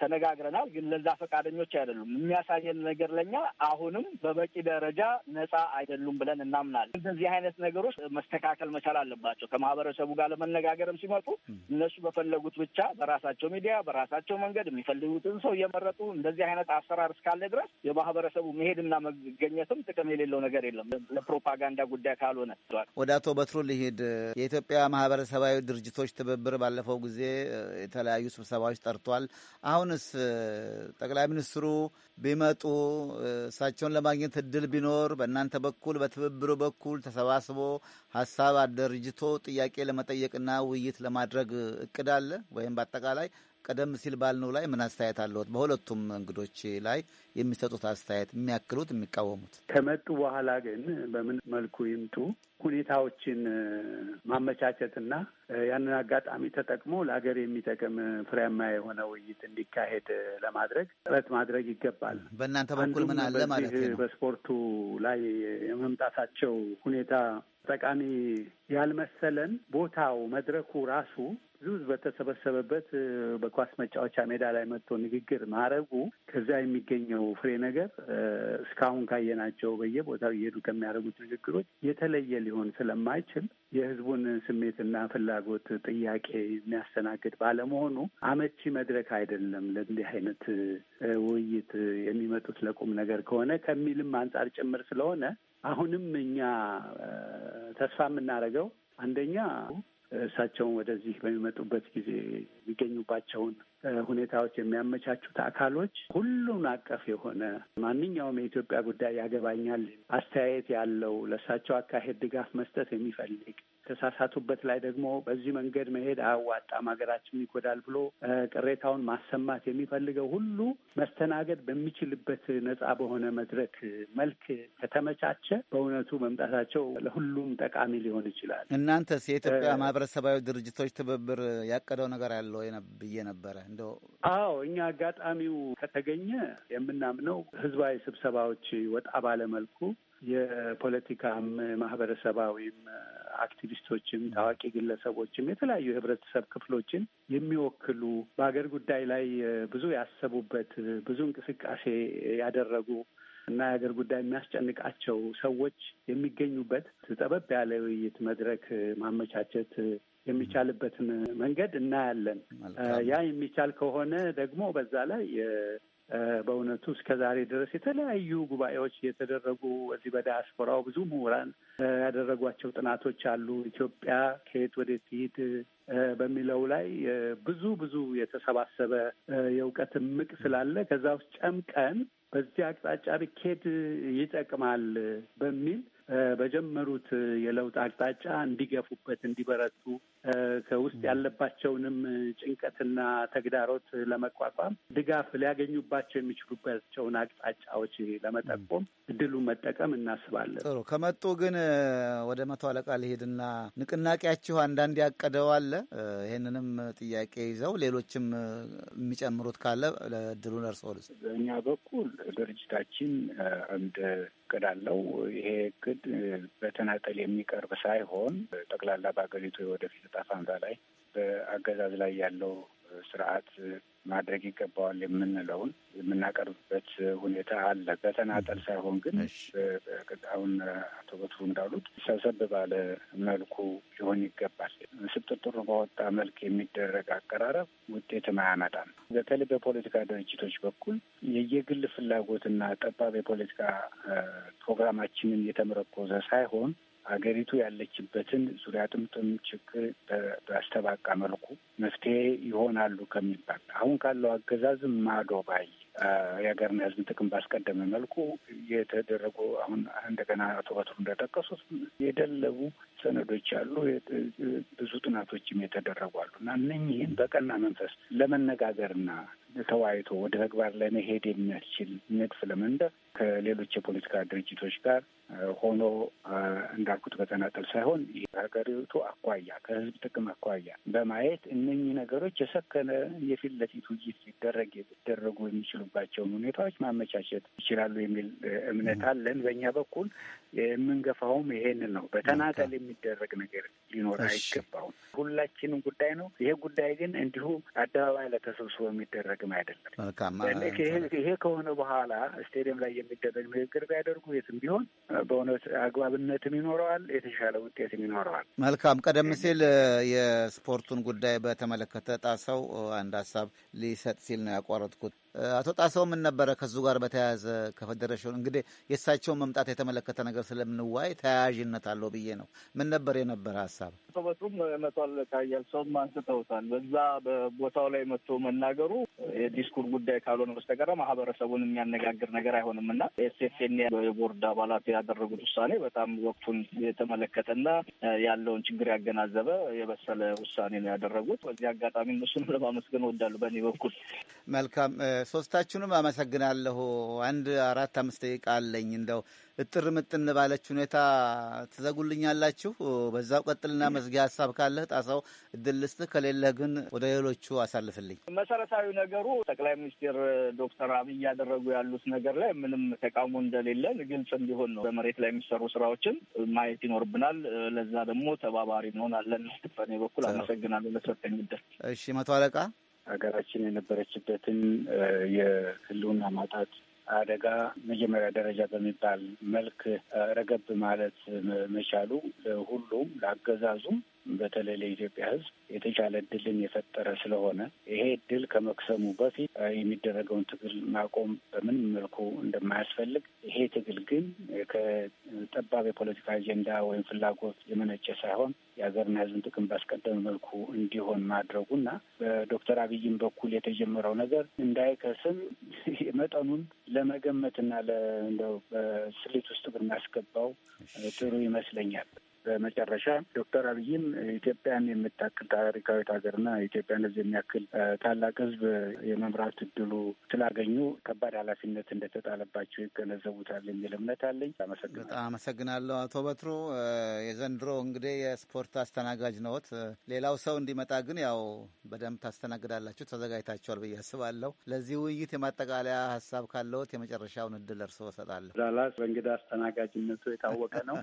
Speaker 2: ተነጋግረናል። ግን ለዛ ፈቃደኞች አይደሉም። የሚያሳየን ነገር ለኛ አሁንም በበቂ ደረጃ ነጻ አይደሉም ብለን እናምናለን። እንደዚህ አይነት ነገሮች መስተካከል መቻል አለባቸው። ከማህበረሰቡ ጋር ለመነጋገርም ሲመጡ እነሱ በፈለጉት ብቻ በራሳቸው ሚዲያ በራሳቸው መንገድ የሚፈልጉትን ሰው እየመረጡ እንደዚህ አይነት አሰራር እስካለ ድረስ የማህበረሰቡ መሄድና መገኘትም ጥቅም የሌለው ነገር የለም። ለፕሮፓጋንዳ ጉዳይ ካልሆነ
Speaker 6: ወደ አቶ በትሩ ልሂድ። የኢትዮጵያ ማህበረሰባዊ ድርጅቶች ትብብር ባለፈው ጊዜ የተለያዩ ስብሰባዎች ጠርቷል። አሁንስ ጠቅላይ ሚኒስትሩ ቢመጡ እሳቸውን ለማግኘት እድል ቢኖር በእናንተ በኩል በትብብሩ በኩል ተሰባስቦ ሀሳብ አደርጅቶ ጥያቄ ለመጠየቅና ውይይት ለማድረግ እቅድ አለ ወይም በአጠቃላይ ቀደም ሲል ባልነው ላይ ምን አስተያየት አለሁት? በሁለቱም እንግዶች ላይ የሚሰጡት አስተያየት የሚያክሉት፣ የሚቃወሙት
Speaker 3: ከመጡ በኋላ ግን በምን መልኩ ይምጡ ሁኔታዎችን ማመቻቸትና ያንን አጋጣሚ ተጠቅሞ ለሀገር የሚጠቅም ፍሬያማ የሆነ ውይይት እንዲካሄድ ለማድረግ ጥረት ማድረግ ይገባል። በእናንተ በኩል ምን አለ ማለት ነው። በስፖርቱ ላይ የመምጣታቸው ሁኔታ ጠቃሚ ያልመሰለን ቦታው መድረኩ ራሱ ብዙ ህዝብ በተሰበሰበበት በኳስ መጫወቻ ሜዳ ላይ መጥቶ ንግግር ማድረጉ ከዛ የሚገኘው ፍሬ ነገር እስካሁን ካየናቸው በየቦታው እየሄዱ ከሚያደርጉት ንግግሮች የተለየ ሊሆን ስለማይችል የህዝቡን ስሜትና ፍላጎት ጥያቄ የሚያስተናግድ ባለመሆኑ አመቺ መድረክ አይደለም ለእንዲህ አይነት ውይይት የሚመጡት ለቁም ነገር ከሆነ ከሚልም አንጻር ጭምር ስለሆነ አሁንም እኛ ተስፋ የምናደርገው አንደኛ እሳቸውን ወደዚህ በሚመጡበት ጊዜ የሚገኙባቸውን ሁኔታዎች የሚያመቻቹት አካሎች ሁሉን አቀፍ የሆነ ማንኛውም የኢትዮጵያ ጉዳይ ያገባኛል አስተያየት ያለው ለእሳቸው አካሄድ ድጋፍ መስጠት የሚፈልግ የተሳሳቱበት ላይ ደግሞ በዚህ መንገድ መሄድ አያዋጣም፣ ሀገራችን ይጎዳል ብሎ ቅሬታውን ማሰማት የሚፈልገው ሁሉ መስተናገድ በሚችልበት ነጻ በሆነ መድረክ መልክ ከተመቻቸ በእውነቱ መምጣታቸው ለሁሉም ጠቃሚ ሊሆን ይችላል።
Speaker 6: እናንተስ የኢትዮጵያ ማህበረሰባዊ ድርጅቶች ትብብር ያቀደው ነገር ያለው ብዬ ነበረ እንደ
Speaker 3: አዎ እኛ አጋጣሚው ከተገኘ የምናምነው ህዝባዊ ስብሰባዎች ወጣ ባለመልኩ የፖለቲካም ማህበረሰባዊም አክቲቪስቶችም ታዋቂ ግለሰቦችም የተለያዩ የህብረተሰብ ክፍሎችን የሚወክሉ በሀገር ጉዳይ ላይ ብዙ ያሰቡበት ብዙ እንቅስቃሴ ያደረጉ እና የሀገር ጉዳይ የሚያስጨንቃቸው ሰዎች የሚገኙበት ጠበብ ያለ ውይይት መድረክ ማመቻቸት የሚቻልበትን መንገድ እናያለን። ያ የሚቻል ከሆነ ደግሞ በዛ ላይ በእውነቱ እስከ ዛሬ ድረስ የተለያዩ ጉባኤዎች የተደረጉ እዚህ በዲያስፖራው ብዙ ምሁራን ያደረጓቸው ጥናቶች አሉ። ኢትዮጵያ ከየት ወዴት ትሂድ በሚለው ላይ ብዙ ብዙ የተሰባሰበ የእውቀት እምቅ ስላለ ከዛ ውስጥ ጨምቀን በዚህ አቅጣጫ ብኬድ ይጠቅማል በሚል በጀመሩት የለውጥ አቅጣጫ እንዲገፉበት፣ እንዲበረቱ ከውስጥ ያለባቸውንም ጭንቀትና ተግዳሮት ለመቋቋም ድጋፍ ሊያገኙባቸው የሚችሉባቸውን አቅጣጫዎች ለመጠቆም እድሉን መጠቀም እናስባለን።
Speaker 6: ጥሩ ከመጡ ግን ወደ መቶ አለቃ ልሄድና ንቅናቄያችሁ አንዳንድ ያቀደው አለ። ይህንንም ጥያቄ ይዘው ሌሎችም የሚጨምሩት ካለ እድሉን እርስዎ ልስ በእኛ
Speaker 3: በኩል ድርጅታችን እንደ እቅድ አለው። ይሄ እቅድ በተናጠል የሚቀርብ ሳይሆን ጠቅላላ በአገሪቱ የወደፊት እጣ ፋንታ ላይ በአገዛዝ ላይ ያለው ስርዓት ማድረግ ይገባዋል የምንለውን የምናቀርብበት ሁኔታ አለ። በተናጠል ሳይሆን ግን አሁን አቶ በትሩ እንዳሉት ሰብሰብ ባለ መልኩ ሊሆን ይገባል። ስብጥጥሩ በወጣ መልክ የሚደረግ አቀራረብ ውጤትም አያመጣም። በተለይ በፖለቲካ ድርጅቶች በኩል የየግል ፍላጎትና ጠባብ የፖለቲካ ፕሮግራማችንን የተመረኮዘ ሳይሆን ሀገሪቱ ያለችበትን ዙሪያ ጥምጥም ችግር ባስተባቃ መልኩ መፍትሄ ይሆናሉ ከሚባል አሁን ካለው አገዛዝ ማዶ ባይ የሀገርና ሕዝብ ጥቅም ባስቀደመ መልኩ የተደረጉ አሁን እንደገና አቶ በትሩ እንደጠቀሱት የደለቡ ሰነዶች አሉ። ብዙ ጥናቶችም የተደረጉ አሉ እና እነኝህን በቀና መንፈስ ለመነጋገርና ተወያይቶ ወደ ተግባር ለመሄድ የሚያስችል ንድፍ ለመንደፍ ከሌሎች የፖለቲካ ድርጅቶች ጋር ሆኖ እንዳልኩት በተናጠል ሳይሆን የሀገሪቱ አኳያ ከህዝብ ጥቅም አኳያ በማየት እነኚህ ነገሮች የሰከነ የፊት ለፊት ውይይት ሊደረግ ሊደረጉ የሚችሉባቸውን ሁኔታዎች ማመቻቸት ይችላሉ የሚል እምነት አለን። በእኛ በኩል የምንገፋውም ይሄንን ነው። በተናጠል የሚደረግ ነገር ሊኖር አይገባውም። ሁላችንም ጉዳይ ነው። ይሄ ጉዳይ ግን እንዲሁ አደባባይ ለተሰብስቦ የሚደረግም
Speaker 6: አይደለም።
Speaker 3: ይሄ ከሆነ በኋላ ስቴዲየም ላይ የሚደረግ ንግግር ቢያደርጉ የትም ቢሆን በእውነት አግባብነትም ይኖረዋል፣ የተሻለ ውጤትም ይኖረዋል።
Speaker 6: መልካም። ቀደም ሲል የስፖርቱን ጉዳይ በተመለከተ ጣሰው አንድ ሀሳብ ሊሰጥ ሲል ነው ያቋረጥኩት። አቶ ጣሰው ምን ነበረ ከዙ ጋር በተያያዘ ከፌዴሬሽኑ እንግዲህ የእሳቸውን መምጣት የተመለከተ ነገር ስለምንዋይ ተያያዥነት አለው ብዬ ነው። ምን ነበር የነበረ ሀሳብ?
Speaker 2: በጥሩም መቶ አለቃ እያልሰውም አንስተውታል። በዛ በቦታው ላይ መጥቶ መናገሩ የዲስኩር ጉዳይ ካልሆነ በስተቀረ ማህበረሰቡን የሚያነጋግር ነገር አይሆንም እና ኤስኤፍኤን የቦርድ አባላት ያደረጉት ውሳኔ በጣም ወቅቱን የተመለከተ የተመለከተና ያለውን ችግር ያገናዘበ የበሰለ ውሳኔ ነው ያደረጉት። በዚህ አጋጣሚ እነሱን ለማመስገን እወዳለሁ በእኔ በኩል
Speaker 6: መልካም ሶስታችሁንም አመሰግናለሁ። አንድ አራት አምስት ደቂቃ አለኝ። እንደው እጥር ምጥን ባለች ሁኔታ ትዘጉልኛላችሁ። በዛው ቀጥልና መዝጊያ ሀሳብ ካለህ ጣሳው እድል ልስጥህ፣ ከሌለህ ግን ወደ ሌሎቹ አሳልፍልኝ።
Speaker 2: መሰረታዊ ነገሩ ጠቅላይ ሚኒስትር ዶክተር አብይ እያደረጉ ያሉት ነገር ላይ ምንም ተቃውሞ እንደሌለን ግልጽ እንዲሆን ነው። በመሬት ላይ የሚሰሩ ስራዎችን ማየት ይኖርብናል። ለዛ ደግሞ ተባባሪ መሆን አለን። በኔ በኩል አመሰግናለሁ ለሰጠኝ እድል።
Speaker 6: እሺ መቶ አለቃ
Speaker 2: ሀገራችን የነበረችበትን የህልውና ማጣት አደጋ
Speaker 3: መጀመሪያ ደረጃ በሚባል መልክ ረገብ ማለት መቻሉ ሁሉም ለአገዛዙም በተለይ ለኢትዮጵያ ሕዝብ የተቻለ እድልን የፈጠረ ስለሆነ ይሄ እድል ከመክሰሙ በፊት የሚደረገውን ትግል ማቆም በምንም መልኩ እንደማያስፈልግ፣ ይሄ ትግል ግን ከጠባብ የፖለቲካ አጀንዳ ወይም ፍላጎት የመነጨ ሳይሆን የሀገርና ሕዝብን ጥቅም ባስቀደመ መልኩ እንዲሆን ማድረጉና በዶክተር አብይም በኩል የተጀመረው ነገር እንዳይከስም መጠኑን ለመገመትና ለእንደው በስሌት ውስጥ ብናስገባው ጥሩ ይመስለኛል። በመጨረሻ ዶክተር አብይም ኢትዮጵያን የምታክል ታሪካዊት ሀገርና ኢትዮጵያን ለዚህ የሚያክል ታላቅ ህዝብ የመምራት እድሉ ስላገኙ ከባድ ኃላፊነት እንደተጣለባቸው ይገነዘቡታል የሚል እምነት አለኝ። አመሰግናለሁ።
Speaker 6: በጣም አመሰግናለሁ አቶ በትሩ። የዘንድሮ እንግዲህ የስፖርት አስተናጋጅ ነዎት። ሌላው ሰው እንዲመጣ ግን ያው በደንብ ታስተናግዳላችሁ፣ ተዘጋጅታችኋል ብዬ አስባለሁ። ለዚህ ውይይት የማጠቃለያ ሀሳብ ካለዎት የመጨረሻውን እድል እርስዎ እሰጣለሁ። ዛላስ
Speaker 3: በእንግዳ አስተናጋጅነቱ
Speaker 6: የታወቀ ነው።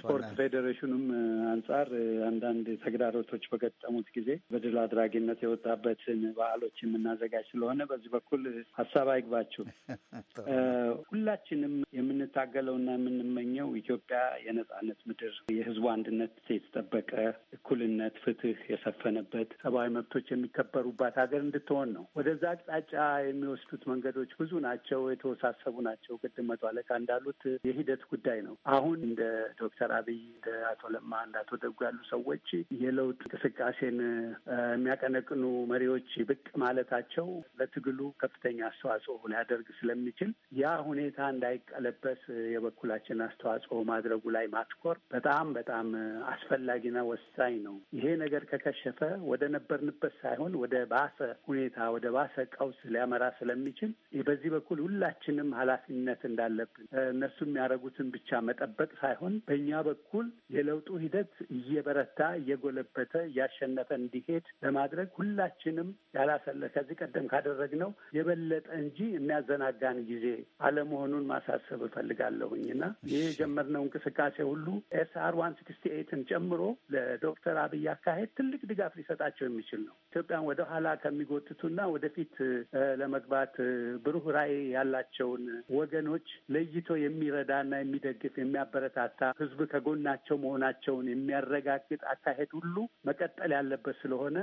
Speaker 6: ስፖርት
Speaker 3: ፌዴሬሽን ከኮሚሽኑም አንጻር አንዳንድ ተግዳሮቶች በገጠሙት ጊዜ በድል አድራጊነት የወጣበትን በዓሎች የምናዘጋጅ ስለሆነ በዚህ በኩል ሀሳብ አይግባችሁ። ሁላችንም የምንታገለውና የምንመኘው ኢትዮጵያ የነጻነት ምድር፣ የህዝቡ አንድነት የተጠበቀ እኩልነት፣ ፍትህ የሰፈነበት ሰብአዊ መብቶች የሚከበሩባት ሀገር እንድትሆን ነው። ወደዛ አቅጣጫ የሚወስዱት መንገዶች ብዙ ናቸው፣ የተወሳሰቡ ናቸው። ቅድም መቶ አለቃ እንዳሉት የሂደት ጉዳይ ነው። አሁን እንደ ዶክተር አብይ እንደ አቶ ለማ እንደ አቶ ደጉ ያሉ ሰዎች የለውጥ እንቅስቃሴን የሚያቀነቅኑ መሪዎች ብቅ ማለታቸው ለትግሉ ከፍተኛ አስተዋጽኦ ሊያደርግ ስለሚችል ያ ሁኔታ እንዳይቀለበስ የበኩላችን አስተዋጽኦ ማድረጉ ላይ ማትኮር በጣም በጣም አስፈላጊና ወሳኝ ነው። ይሄ ነገር ከከሸፈ ወደ ነበርንበት ሳይሆን ወደ ባሰ ሁኔታ ወደ ባሰ ቀውስ ሊያመራ ስለሚችል በዚህ በኩል ሁላችንም ኃላፊነት እንዳለብን እነሱ የሚያደርጉትን ብቻ መጠበቅ ሳይሆን በእኛ በኩል የለውጡ ሂደት እየበረታ እየጎለበተ እያሸነፈ እንዲሄድ ለማድረግ ሁላችንም ያላሰለ ከዚህ ቀደም ካደረግነው የበለጠ እንጂ የሚያዘናጋን ጊዜ አለመሆኑን ማሳሰብ እፈልጋለሁኝ እና ይህ የጀመርነው እንቅስቃሴ ሁሉ ኤስአር ዋን ሲክስቲ ኤይትን ጨምሮ ለዶክተር አብይ አካሄድ ትልቅ ድጋፍ ሊሰጣቸው የሚችል ነው። ኢትዮጵያን ወደ ኋላ ከሚጎትቱና ወደፊት ለመግባት ብሩህ ራዕይ ያላቸውን ወገኖች ለይቶ የሚረዳና የሚደግፍ የሚያበረታታ ህዝብ ከጎናቸው መሆናቸውን የሚያረጋግጥ አካሄድ ሁሉ መቀጠል ያለበት ስለሆነ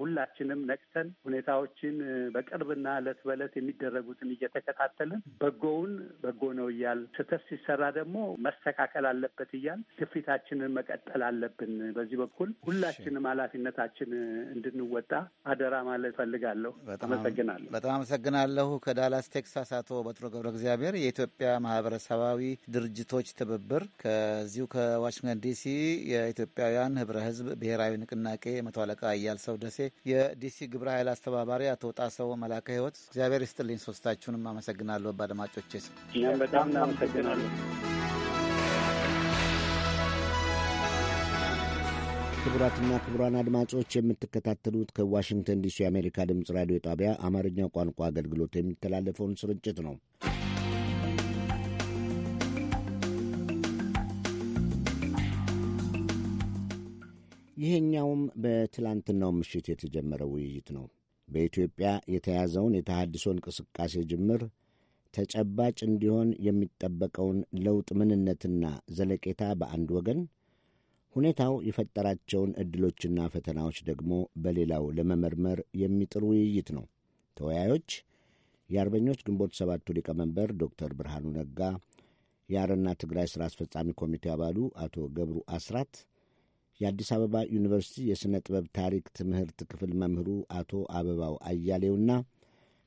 Speaker 3: ሁላችንም ነቅተን ሁኔታዎችን በቅርብና እለት በእለት የሚደረጉትን እየተከታተልን በጎውን በጎ ነው እያል ስህተት ሲሰራ ደግሞ መስተካከል አለበት እያል ግፊታችንን መቀጠል አለብን። በዚህ በኩል ሁላችንም ኃላፊነታችን እንድንወጣ አደራ ማለት እፈልጋለሁ። አመሰግናለሁ።
Speaker 6: በጣም አመሰግናለሁ። ከዳላስ ቴክሳስ አቶ በትሮ ገብረ እግዚአብሔር የኢትዮጵያ ማህበረሰባዊ ድርጅቶች ትብብር ከዚሁ ከዋሽንግተን ዋሽንግተን ዲሲ የኢትዮጵያውያን ህብረ ህዝብ ብሔራዊ ንቅናቄ መቶ አለቃ እያል ሰው ደሴ፣ የዲሲ ግብረ ኃይል አስተባባሪ አቶ ጣሰው መላከ ህይወት፣ እግዚአብሔር ይስጥልኝ። ሶስታችሁንም አመሰግናለሁ። በአድማጮቼ ስም
Speaker 8: እኛም በጣም እናመሰግናለሁ።
Speaker 1: ክቡራትና ክቡራን አድማጮች የምትከታተሉት ከዋሽንግተን ዲሲ የአሜሪካ ድምፅ ራዲዮ ጣቢያ አማርኛ ቋንቋ አገልግሎት የሚተላለፈውን ስርጭት ነው። ይሄኛውም በትላንትናው ምሽት የተጀመረ ውይይት ነው። በኢትዮጵያ የተያዘውን የተሃድሶ እንቅስቃሴ ጅምር ተጨባጭ እንዲሆን የሚጠበቀውን ለውጥ ምንነትና ዘለቄታ በአንድ ወገን፣ ሁኔታው የፈጠራቸውን ዕድሎችና ፈተናዎች ደግሞ በሌላው ለመመርመር የሚጥር ውይይት ነው። ተወያዮች የአርበኞች ግንቦት ሰባቱ ሊቀመንበር ዶክተር ብርሃኑ ነጋ፣ የአረና ትግራይ ሥራ አስፈጻሚ ኮሚቴ አባሉ አቶ ገብሩ አስራት የአዲስ አበባ ዩኒቨርሲቲ የሥነ ጥበብ ታሪክ ትምህርት ክፍል መምህሩ አቶ አበባው አያሌውና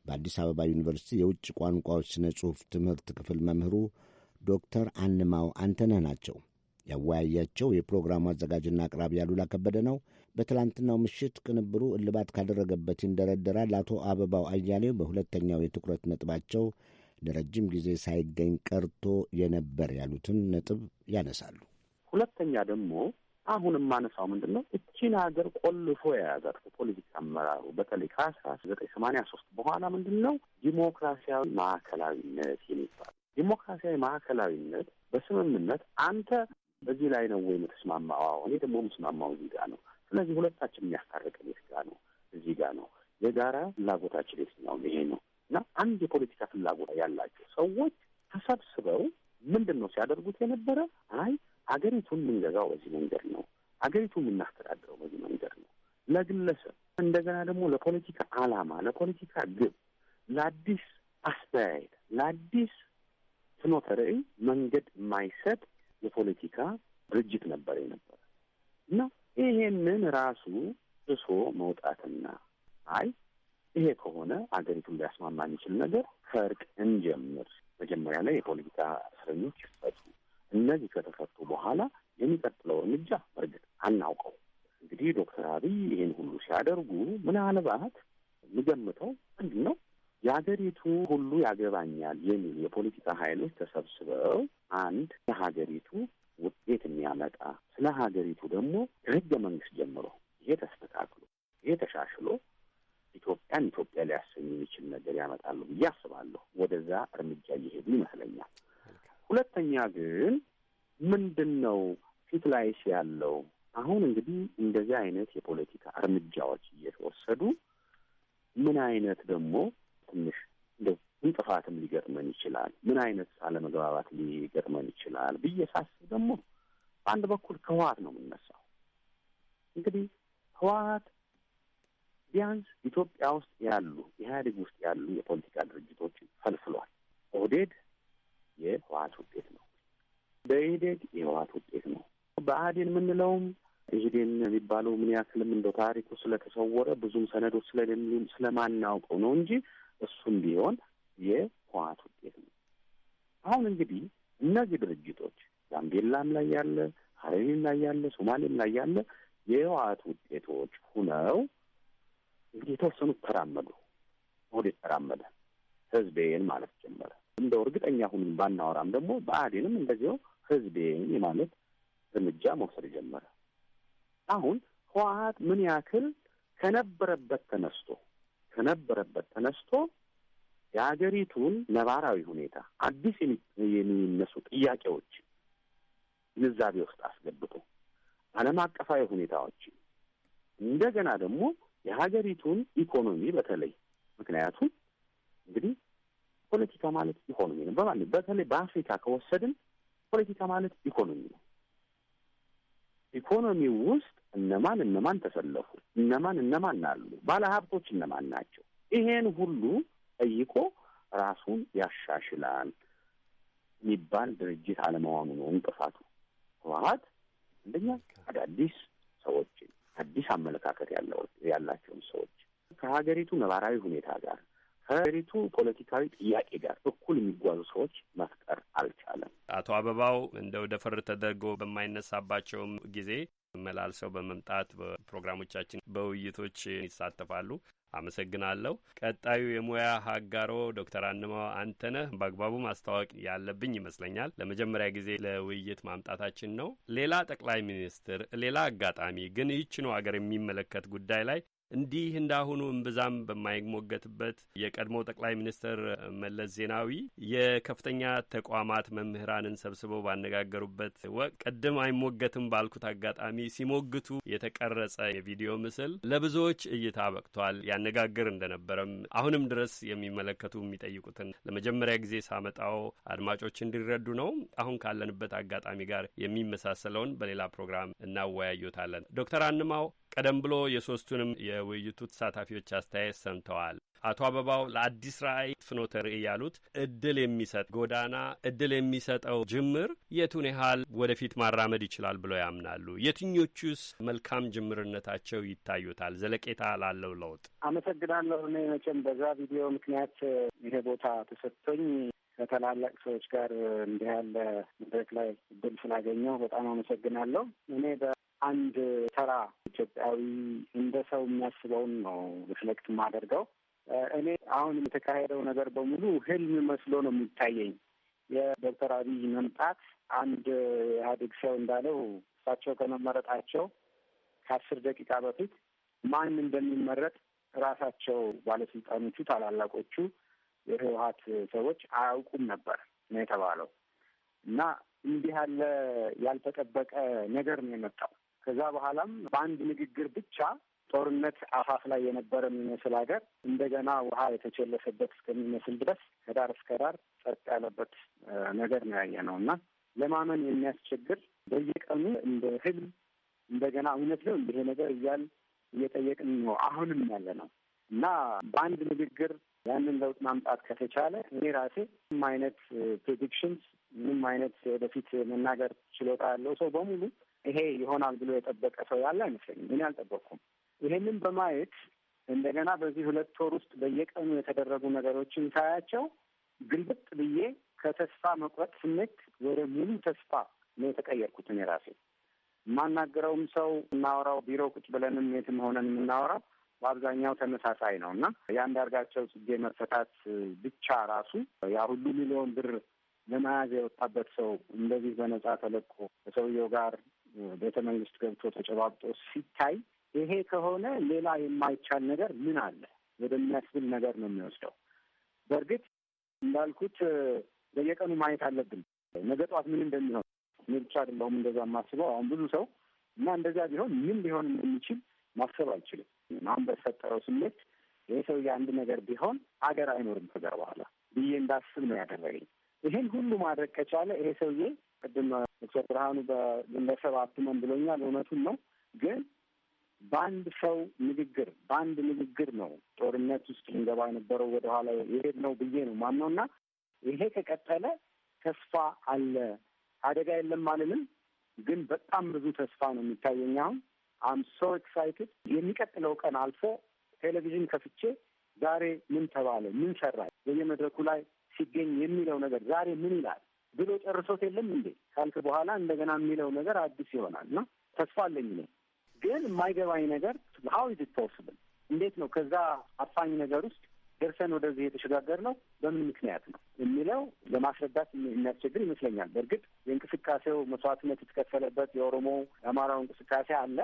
Speaker 1: በአዲስ አበባ ዩኒቨርሲቲ የውጭ ቋንቋዎች ሥነ ጽሑፍ ትምህርት ክፍል መምህሩ ዶክተር አንማው አንተነህ ናቸው። ያወያያቸው የፕሮግራሙ አዘጋጅና አቅራቢ ያሉላ ከበደ ነው። በትላንትናው ምሽት ቅንብሩ እልባት ካደረገበት ይንደረደራል። አቶ አበባው አያሌው በሁለተኛው የትኩረት ነጥባቸው ለረጅም ጊዜ ሳይገኝ ቀርቶ የነበር ያሉትን ነጥብ ያነሳሉ።
Speaker 3: ሁለተኛ ደግሞ አሁን የማነሳው ምንድን ነው? እቺን ሀገር ቆልፎ የያዛት ከፖለቲካ አመራሩ በተለይ ከአስራ ዘጠኝ ሰማንያ ሶስት በኋላ ምንድን ነው ዲሞክራሲያዊ ማዕከላዊነት የሚባል ዲሞክራሲያዊ ማዕከላዊነት በስምምነት አንተ በዚህ ላይ ነው ወይም የምትስማማው? እኔ ደግሞ የምስማማው እዚህ ጋር ነው። ስለዚህ ሁለታችን የሚያስታርቅ የት ጋር ነው? እዚህ ጋር ነው። የጋራ ፍላጎታችን የትኛው ይሄ ነው እና አንድ የፖለቲካ ፍላጎት ያላቸው ሰዎች ተሰብስበው ምንድን ነው ሲያደርጉት የነበረ አይ ሀገሪቱን የምንገዛው በዚህ መንገድ ነው። ሀገሪቱ የምናስተዳድረው በዚህ መንገድ ነው። ለግለሰብ እንደገና ደግሞ ለፖለቲካ ዓላማ፣ ለፖለቲካ ግብ፣ ለአዲስ አስተያየት፣ ለአዲስ ፍኖተ ርዕይ መንገድ የማይሰጥ የፖለቲካ ድርጅት ነበር የነበረ እና ይሄንን ራሱ እሶ መውጣትና አይ ይሄ ከሆነ አገሪቱን ሊያስማማ የሚችል ነገር ከእርቅ እንጀምር፣ መጀመሪያ ላይ የፖለቲካ እስረኞች ይፈቱ እነዚህ ከተፈቱ በኋላ የሚቀጥለው እርምጃ እርግጥ አናውቀው። እንግዲህ ዶክተር አብይ ይህን ሁሉ ሲያደርጉ ምናልባት የምገምተው ምንድን ነው የሀገሪቱ ሁሉ ያገባኛል የሚል የፖለቲካ ኃይሎች ተሰብስበው አንድ ለሀገሪቱ ውጤት የሚያመጣ ስለ ሀገሪቱ ደግሞ ከህገ መንግስት ጀምሮ ይሄ ተስተካክሎ ይሄ ተሻሽሎ ኢትዮጵያን ኢትዮጵያ ሊያሰኙ የሚችል ነገር ያመጣሉ ብዬ አስባለሁ። ወደዛ እርምጃ እየሄዱ ይመስለኛል። ሁለተኛ ግን ምንድን ነው ፊት ላይስ ያለው? አሁን እንግዲህ እንደዚህ አይነት የፖለቲካ እርምጃዎች እየተወሰዱ ምን አይነት ደግሞ ትንሽ እንደው እንጥፋትም ሊገጥመን ይችላል፣ ምን አይነት አለመግባባት ሊገጥመን ይችላል ብዬ ሳስብ ደግሞ በአንድ በኩል ከህወሓት ነው የምነሳው። እንግዲህ ህወሓት ቢያንስ ኢትዮጵያ ውስጥ ያሉ ኢህአዴግ ውስጥ ያሉ የፖለቲካ ድርጅቶችን ፈልፍሏል። ኦህዴድ የህወሓት ውጤት ነው። በኢህዴግ የህወሓት ውጤት ነው። በአህዴን የምንለውም ኢህዴን የሚባለው ምን ያክልም እንደው ታሪኩ ስለተሰወረ ብዙም ሰነዶች ስለሌሉም ስለማናውቀው ነው እንጂ እሱም ቢሆን የህወሓት ውጤት ነው። አሁን እንግዲህ እነዚህ ድርጅቶች ጋምቤላም ላይ ያለ፣ ሀረሪም ላይ ያለ፣ ሶማሌም ላይ ያለ የህወሓት ውጤቶች ሁነው እንግዲህ የተወሰኑት ተራመዱ። ወደ ተራመደ? ህዝቤን ማለት ጀመረ። እንደው እርግጠኛ ሁኑን ባናወራም ደግሞ በአዴንም እንደዚያው ህዝቤ ማለት እርምጃ መውሰድ ጀመረ። አሁን ህወሀት ምን ያክል ከነበረበት ተነስቶ ከነበረበት ተነስቶ የሀገሪቱን ነባራዊ ሁኔታ አዲስ የሚነሱ ጥያቄዎች ግንዛቤ ውስጥ አስገብቶ ዓለም አቀፋዊ ሁኔታዎች እንደገና ደግሞ የሀገሪቱን ኢኮኖሚ በተለይ ምክንያቱም እንግዲህ ፖለቲካ ማለት ኢኮኖሚ ነው። በማለት በተለይ በአፍሪካ ከወሰድን ፖለቲካ ማለት ኢኮኖሚ ነው። ኢኮኖሚ ውስጥ እነማን እነማን ተሰለፉ፣ እነማን እነማን አሉ፣ ባለሀብቶች እነማን ናቸው፣ ይሄን ሁሉ ጠይቆ ራሱን ያሻሽላል የሚባል ድርጅት አለመሆኑ ነው እንቅፋቱ። ህወሀት አንደኛ አዳዲስ ሰዎችን አዲስ አመለካከት ያላቸውን ሰዎች ከሀገሪቱ ነባራዊ ሁኔታ ጋር ከሀገሪቱ ፖለቲካዊ ጥያቄ ጋር እኩል የሚጓዙ ሰዎች መፍጠር
Speaker 8: አልቻለም። አቶ አበባው እንደው ደፈር ተደርጎ በማይነሳባቸውም ጊዜ መላልሰው በመምጣት በፕሮግራሞቻችን በውይይቶች ይሳተፋሉ። አመሰግናለሁ። ቀጣዩ የሙያ ሀጋሮ ዶክተር አንማው አንተነህ በአግባቡ ማስታወቅ ያለብኝ ይመስለኛል። ለመጀመሪያ ጊዜ ለውይይት ማምጣታችን ነው። ሌላ ጠቅላይ ሚኒስትር፣ ሌላ አጋጣሚ ግን ይህችኑ አገር የሚመለከት ጉዳይ ላይ እንዲህ እንዳሁኑ እምብዛም በማይሞገትበት የቀድሞ ጠቅላይ ሚኒስትር መለስ ዜናዊ የከፍተኛ ተቋማት መምህራንን ሰብስበው ባነጋገሩበት ወቅት ቅድም አይሞገትም ባልኩት አጋጣሚ ሲሞግቱ የተቀረጸ የቪዲዮ ምስል ለብዙዎች እይታ በቅቷል። ያነጋግር እንደነበረም አሁንም ድረስ የሚመለከቱ የሚጠይቁትን ለመጀመሪያ ጊዜ ሳመጣው አድማጮች እንዲረዱ ነው። አሁን ካለንበት አጋጣሚ ጋር የሚመሳሰለውን በሌላ ፕሮግራም እናወያዩታለን። ዶክተር አንማው ቀደም ብሎ የሶስቱንም የውይይቱ ተሳታፊዎች አስተያየት ሰምተዋል። አቶ አበባው ለአዲስ ራዕይ ፍኖተ ርዕይ ያሉት እድል የሚሰጥ ጎዳና እድል የሚሰጠው ጅምር የቱን ያህል ወደፊት ማራመድ ይችላል ብለው ያምናሉ? የትኞቹስ መልካም ጅምርነታቸው ይታዩታል ዘለቄታ ላለው ለውጥ?
Speaker 3: አመሰግናለሁ። እኔ መቼም በዛ ቪዲዮ ምክንያት ይሄ ቦታ ተሰጥቶኝ ከታላላቅ ሰዎች ጋር እንዲህ ያለ መድረክ ላይ እድል ስላገኘው በጣም አመሰግናለሁ። እኔ አንድ ተራ ኢትዮጵያዊ እንደ ሰው የሚያስበውን ነው ሪፍሌክት የማደርገው። እኔ አሁን የተካሄደው ነገር በሙሉ ህልም መስሎ ነው የሚታየኝ። የዶክተር አብይ መምጣት አንድ ኢህአዴግ ሰው እንዳለው እሳቸው ከመመረጣቸው ከአስር ደቂቃ በፊት ማን እንደሚመረጥ ራሳቸው ባለስልጣኖቹ ታላላቆቹ የህወሀት ሰዎች አያውቁም ነበር ነው የተባለው እና እንዲህ ያለ ያልተጠበቀ ነገር ነው የመጣው። ከዛ በኋላም በአንድ ንግግር ብቻ ጦርነት አፋፍ ላይ የነበረ የሚመስል ሀገር እንደገና ውሃ የተቸለሰበት እስከሚመስል ድረስ ከዳር እስከ ዳር ጸጥ ያለበት ነገር ነው ያየ ነው እና ለማመን የሚያስቸግር በየቀኑ እንደ ህልም እንደገና እውነት ነው ይሄ ነገር እያል እየጠየቅን ነው አሁንም ያለ ነው እና በአንድ ንግግር ያንን ለውጥ ማምጣት ከተቻለ እኔ ራሴ ምንም አይነት ፕሬዲክሽንስ ምንም አይነት ወደፊት መናገር ችሎታ ያለው ሰው በሙሉ ይሄ ይሆናል ብሎ የጠበቀ ሰው ያለ አይመስለኝም። እኔ አልጠበቅኩም። ይሄንን በማየት እንደገና በዚህ ሁለት ወር ውስጥ በየቀኑ የተደረጉ ነገሮችን ሳያቸው ግልብጥ ብዬ ከተስፋ መቁረጥ ስሜት ወደ ሙሉ ተስፋ ነው የተቀየርኩት። እኔ ራሴ የማናገረውም ሰው እናወራው፣ ቢሮ ቁጭ ብለንም የትም ሆነን የምናወራው በአብዛኛው ተመሳሳይ ነው እና የአንዳርጋቸው ጽጌ መፈታት ብቻ ራሱ ያ ሁሉ ሚሊዮን ብር ለመያዝ የወጣበት ሰው እንደዚህ በነጻ ተለቆ ከሰውየው ጋር ቤተ መንግስት ገብቶ ተጨባብጦ ሲታይ ይሄ ከሆነ ሌላ የማይቻል ነገር ምን አለ ወደሚያስብል ነገር ነው የሚወስደው። በእርግጥ እንዳልኩት በየቀኑ ማየት አለብን ነገ ጠዋት ምን እንደሚሆን። እኔ ብቻ አይደለሁም እንደዛ የማስበው አሁን ብዙ ሰው እና እንደዚያ ቢሆን ምን ሊሆን እንደሚችል ማሰብ አይችልም። አሁን በተፈጠረው ስሜት ይሄ ሰውዬ አንድ ነገር ቢሆን አገር አይኖርም ከዛ በኋላ ብዬ እንዳስብ ነው ያደረገኝ። ይህን ሁሉ ማድረግ ከቻለ ይሄ ሰውዬ ቅድም ዶክተር ብርሃኑ በግለሰብ አትመን ብሎኛል። እውነቱን ነው። ግን በአንድ ሰው ንግግር በአንድ ንግግር ነው ጦርነት ውስጥ ልንገባ የነበረው ወደኋላ የሄድ ነው ብዬ ነው ማምነው እና ይሄ ከቀጠለ ተስፋ አለ። አደጋ የለም አልልም፣ ግን በጣም ብዙ ተስፋ ነው የሚታየኝ አሁን። አም ሶ ኤክሳይትድ የሚቀጥለው ቀን አልፎ ቴሌቪዥን ከፍቼ ዛሬ ምን ተባለ፣ ምን ሰራ፣ በየመድረኩ ላይ ሲገኝ የሚለው ነገር ዛሬ ምን ይላል ብሎ ጨርሶት የለም እንዴ ካልክ በኋላ እንደገና የሚለው ነገር አዲስ ይሆናል ነው ተስፋ አለኝ ነው። ግን የማይገባኝ ነገር ሀው ኢዝ ኢት ፖስብል እንዴት ነው ከዛ አፋኝ ነገር ውስጥ ደርሰን ወደዚህ የተሸጋገር ነው በምን ምክንያት ነው የሚለው ለማስረዳት የሚያስቸግር ይመስለኛል። በእርግጥ የእንቅስቃሴው መስዋዕትነት የተከፈለበት የኦሮሞ የአማራው እንቅስቃሴ አለ፣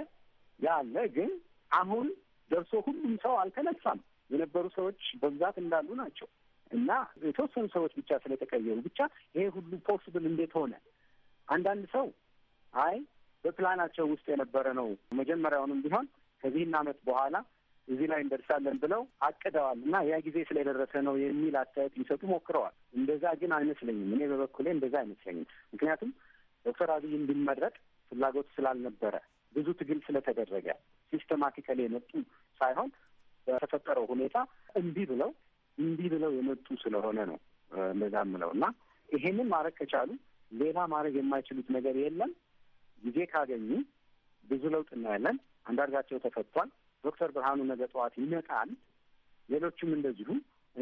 Speaker 3: ያ አለ። ግን አሁን ደርሶ ሁሉም ሰው አልተነሳም። የነበሩ ሰዎች በብዛት እንዳሉ ናቸው። እና የተወሰኑ ሰዎች ብቻ ስለተቀየሩ ብቻ ይሄ ሁሉ ፖስብል እንዴት ሆነ? አንዳንድ ሰው አይ በፕላናቸው ውስጥ የነበረ ነው መጀመሪያውንም ቢሆን ከዚህን ዓመት በኋላ እዚህ ላይ እንደርሳለን ብለው አቅደዋል እና ያ ጊዜ ስለደረሰ ነው የሚል አስተያየት ሊሰጡ ሞክረዋል። እንደዛ ግን አይመስለኝም። እኔ በበኩሌ እንደዛ አይመስለኝም። ምክንያቱም ዶክተር አብይ እንዲመረጥ ፍላጎት ስላልነበረ ብዙ ትግል ስለተደረገ ሲስተማቲካሊ የመጡ ሳይሆን በተፈጠረው ሁኔታ እምቢ ብለው እምቢ ብለው የመጡ ስለሆነ ነው እንደዛ ምለው እና ይሄንን ማድረግ ከቻሉ ሌላ ማድረግ የማይችሉት ነገር የለም። ጊዜ ካገኙ ብዙ ለውጥ እናያለን። አንዳርጋቸው ተፈቷል። ዶክተር ብርሃኑ ነገ ጠዋት ይመጣል። ሌሎችም እንደዚሁ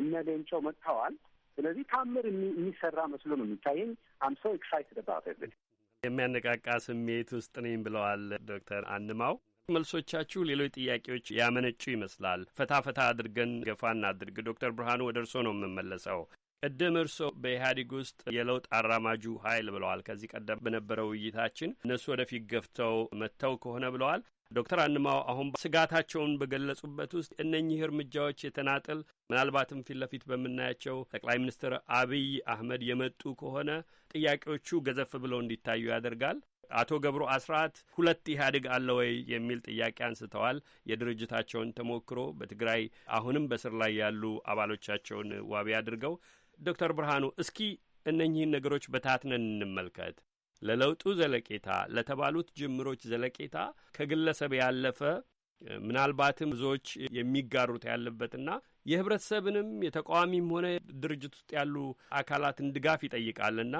Speaker 3: እነ ሌንጮው መጥተዋል። ስለዚህ ታምር የሚሰራ መስሎ ነው የሚታየኝ። አም ሶ ኤክሳይትድ አባውት
Speaker 8: የሚያነቃቃ ስሜት ውስጥ ነኝ ብለዋል ዶክተር አንማው። መልሶቻችሁ ሌሎች ጥያቄዎች ያመነጩ ይመስላል። ፈታ ፈታ አድርገን ገፋ እናድርግ። ዶክተር ብርሃኑ ወደ እርስዎ ነው የምመለሰው። ቅድም እርስዎ በኢህአዴግ ውስጥ የለውጥ አራማጁ ኃይል ብለዋል። ከዚህ ቀደም በነበረው ውይይታችን እነሱ ወደፊት ገፍተው መጥተው ከሆነ ብለዋል። ዶክተር አንማው አሁን ስጋታቸውን በገለጹበት ውስጥ እነኚህ እርምጃዎች የተናጥል ምናልባትም ፊት ለፊት በምናያቸው ጠቅላይ ሚኒስትር አብይ አህመድ የመጡ ከሆነ ጥያቄዎቹ ገዘፍ ብለው እንዲታዩ ያደርጋል። አቶ ገብሩ አስራት ሁለት ኢህአዴግ አለ ወይ የሚል ጥያቄ አንስተዋል። የድርጅታቸውን ተሞክሮ በትግራይ አሁንም በስር ላይ ያሉ አባሎቻቸውን ዋቢ አድርገው ዶክተር ብርሃኑ እስኪ እነኚህን ነገሮች በታትነን እንመልከት። ለለውጡ ዘለቄታ፣ ለተባሉት ጅምሮች ዘለቄታ ከግለሰብ ያለፈ ምናልባትም ብዙዎች የሚጋሩት ያለበትና የህብረተሰብንም የተቃዋሚም ሆነ ድርጅት ውስጥ ያሉ አካላትን ድጋፍ ይጠይቃልና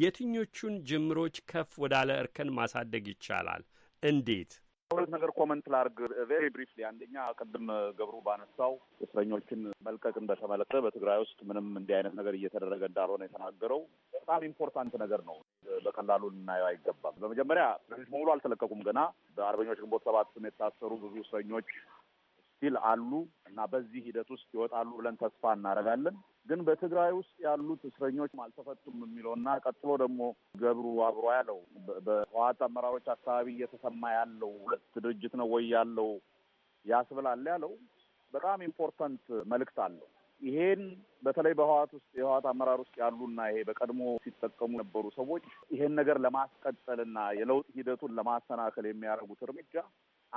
Speaker 8: የትኞቹን ጅምሮች ከፍ ወዳለ እርከን ማሳደግ ይቻላል? እንዴት?
Speaker 9: ሁለት ነገር ኮመንት ላርግ ቬሪ ብሪፍሊ። አንደኛ ቅድም ገብሩ ባነሳው እስረኞችን መልቀቅን በተመለከተ በትግራይ ውስጥ ምንም እንዲህ አይነት ነገር እየተደረገ እንዳልሆነ የተናገረው በጣም ኢምፖርታንት ነገር ነው። በቀላሉ ልናየው አይገባም። በመጀመሪያ እስረኞች አልተለቀቁም። ገና በአርበኞች ግንቦት ሰባት ስም የታሰሩ ብዙ እስረኞች ስቲል አሉ እና በዚህ ሂደት ውስጥ ይወጣሉ ብለን ተስፋ እናደርጋለን። ግን በትግራይ ውስጥ ያሉት እስረኞች አልተፈቱም የሚለው እና ቀጥሎ ደግሞ ገብሩ አብሮ ያለው በህወሓት አመራሮች አካባቢ እየተሰማ ያለው ሁለት ድርጅት ነው ወይ ያለው ያስብላል ያለው በጣም ኢምፖርታንት መልእክት አለው። ይሄን በተለይ በህዋት ውስጥ የህዋት አመራር ውስጥ ያሉና ይሄ በቀድሞ ሲጠቀሙ የነበሩ ሰዎች ይሄን ነገር ለማስቀጠልና የለውጥ ሂደቱን ለማሰናከል የሚያደርጉት እርምጃ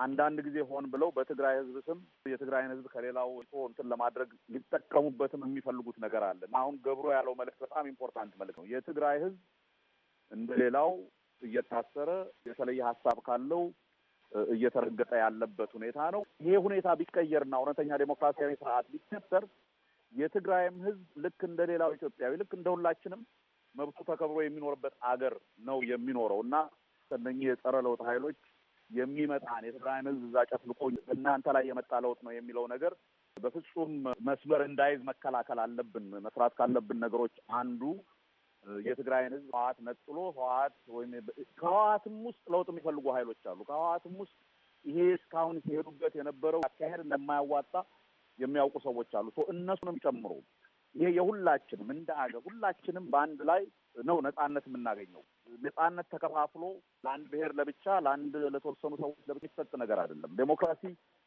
Speaker 9: አንዳንድ ጊዜ ሆን ብለው በትግራይ ህዝብ ስም የትግራይን ህዝብ ከሌላው እንትን ለማድረግ ሊጠቀሙበትም የሚፈልጉት ነገር አለ አሁን ገብሮ ያለው መልእክት በጣም ኢምፖርታንት መልእክት ነው። የትግራይ ህዝብ እንደ ሌላው እየታሰረ የተለየ ሀሳብ ካለው እየተረገጠ ያለበት ሁኔታ ነው። ይሄ ሁኔታ ቢቀየርና እውነተኛ ዴሞክራሲያዊ ስርዓት ቢከበር የትግራይም ህዝብ ልክ እንደ ሌላው ኢትዮጵያዊ ልክ እንደ ሁላችንም መብቱ ተከብሮ የሚኖርበት አገር ነው የሚኖረው እና ከነኚህ የጸረ ለውጥ ኃይሎች የሚመጣን የትግራይን ህዝብ እዛ ጨፍልቆ እናንተ ላይ የመጣ ለውጥ ነው የሚለው ነገር በፍጹም መስመር እንዳይዝ መከላከል አለብን። መስራት ካለብን ነገሮች አንዱ የትግራይን ህዝብ ህዋት ነጥሎ ህወሀት ወይም ከህወሀትም ውስጥ ለውጥ የሚፈልጉ ሀይሎች አሉ። ከህወሀትም ውስጥ ይሄ እስካሁን ሲሄዱበት የነበረው አካሄድ እንደማያዋጣ የሚያውቁ ሰዎች አሉ። እነሱንም ጨምሮ ይሄ የሁላችንም እንደ አገር ሁላችንም በአንድ ላይ ነው ነጻነት የምናገኘው። ነጻነት ተከፋፍሎ ለአንድ ብሔር ለብቻ፣ ለአንድ ለተወሰኑ ሰዎች ለብቻ የሚሰጥ ነገር አይደለም። ዴሞክራሲ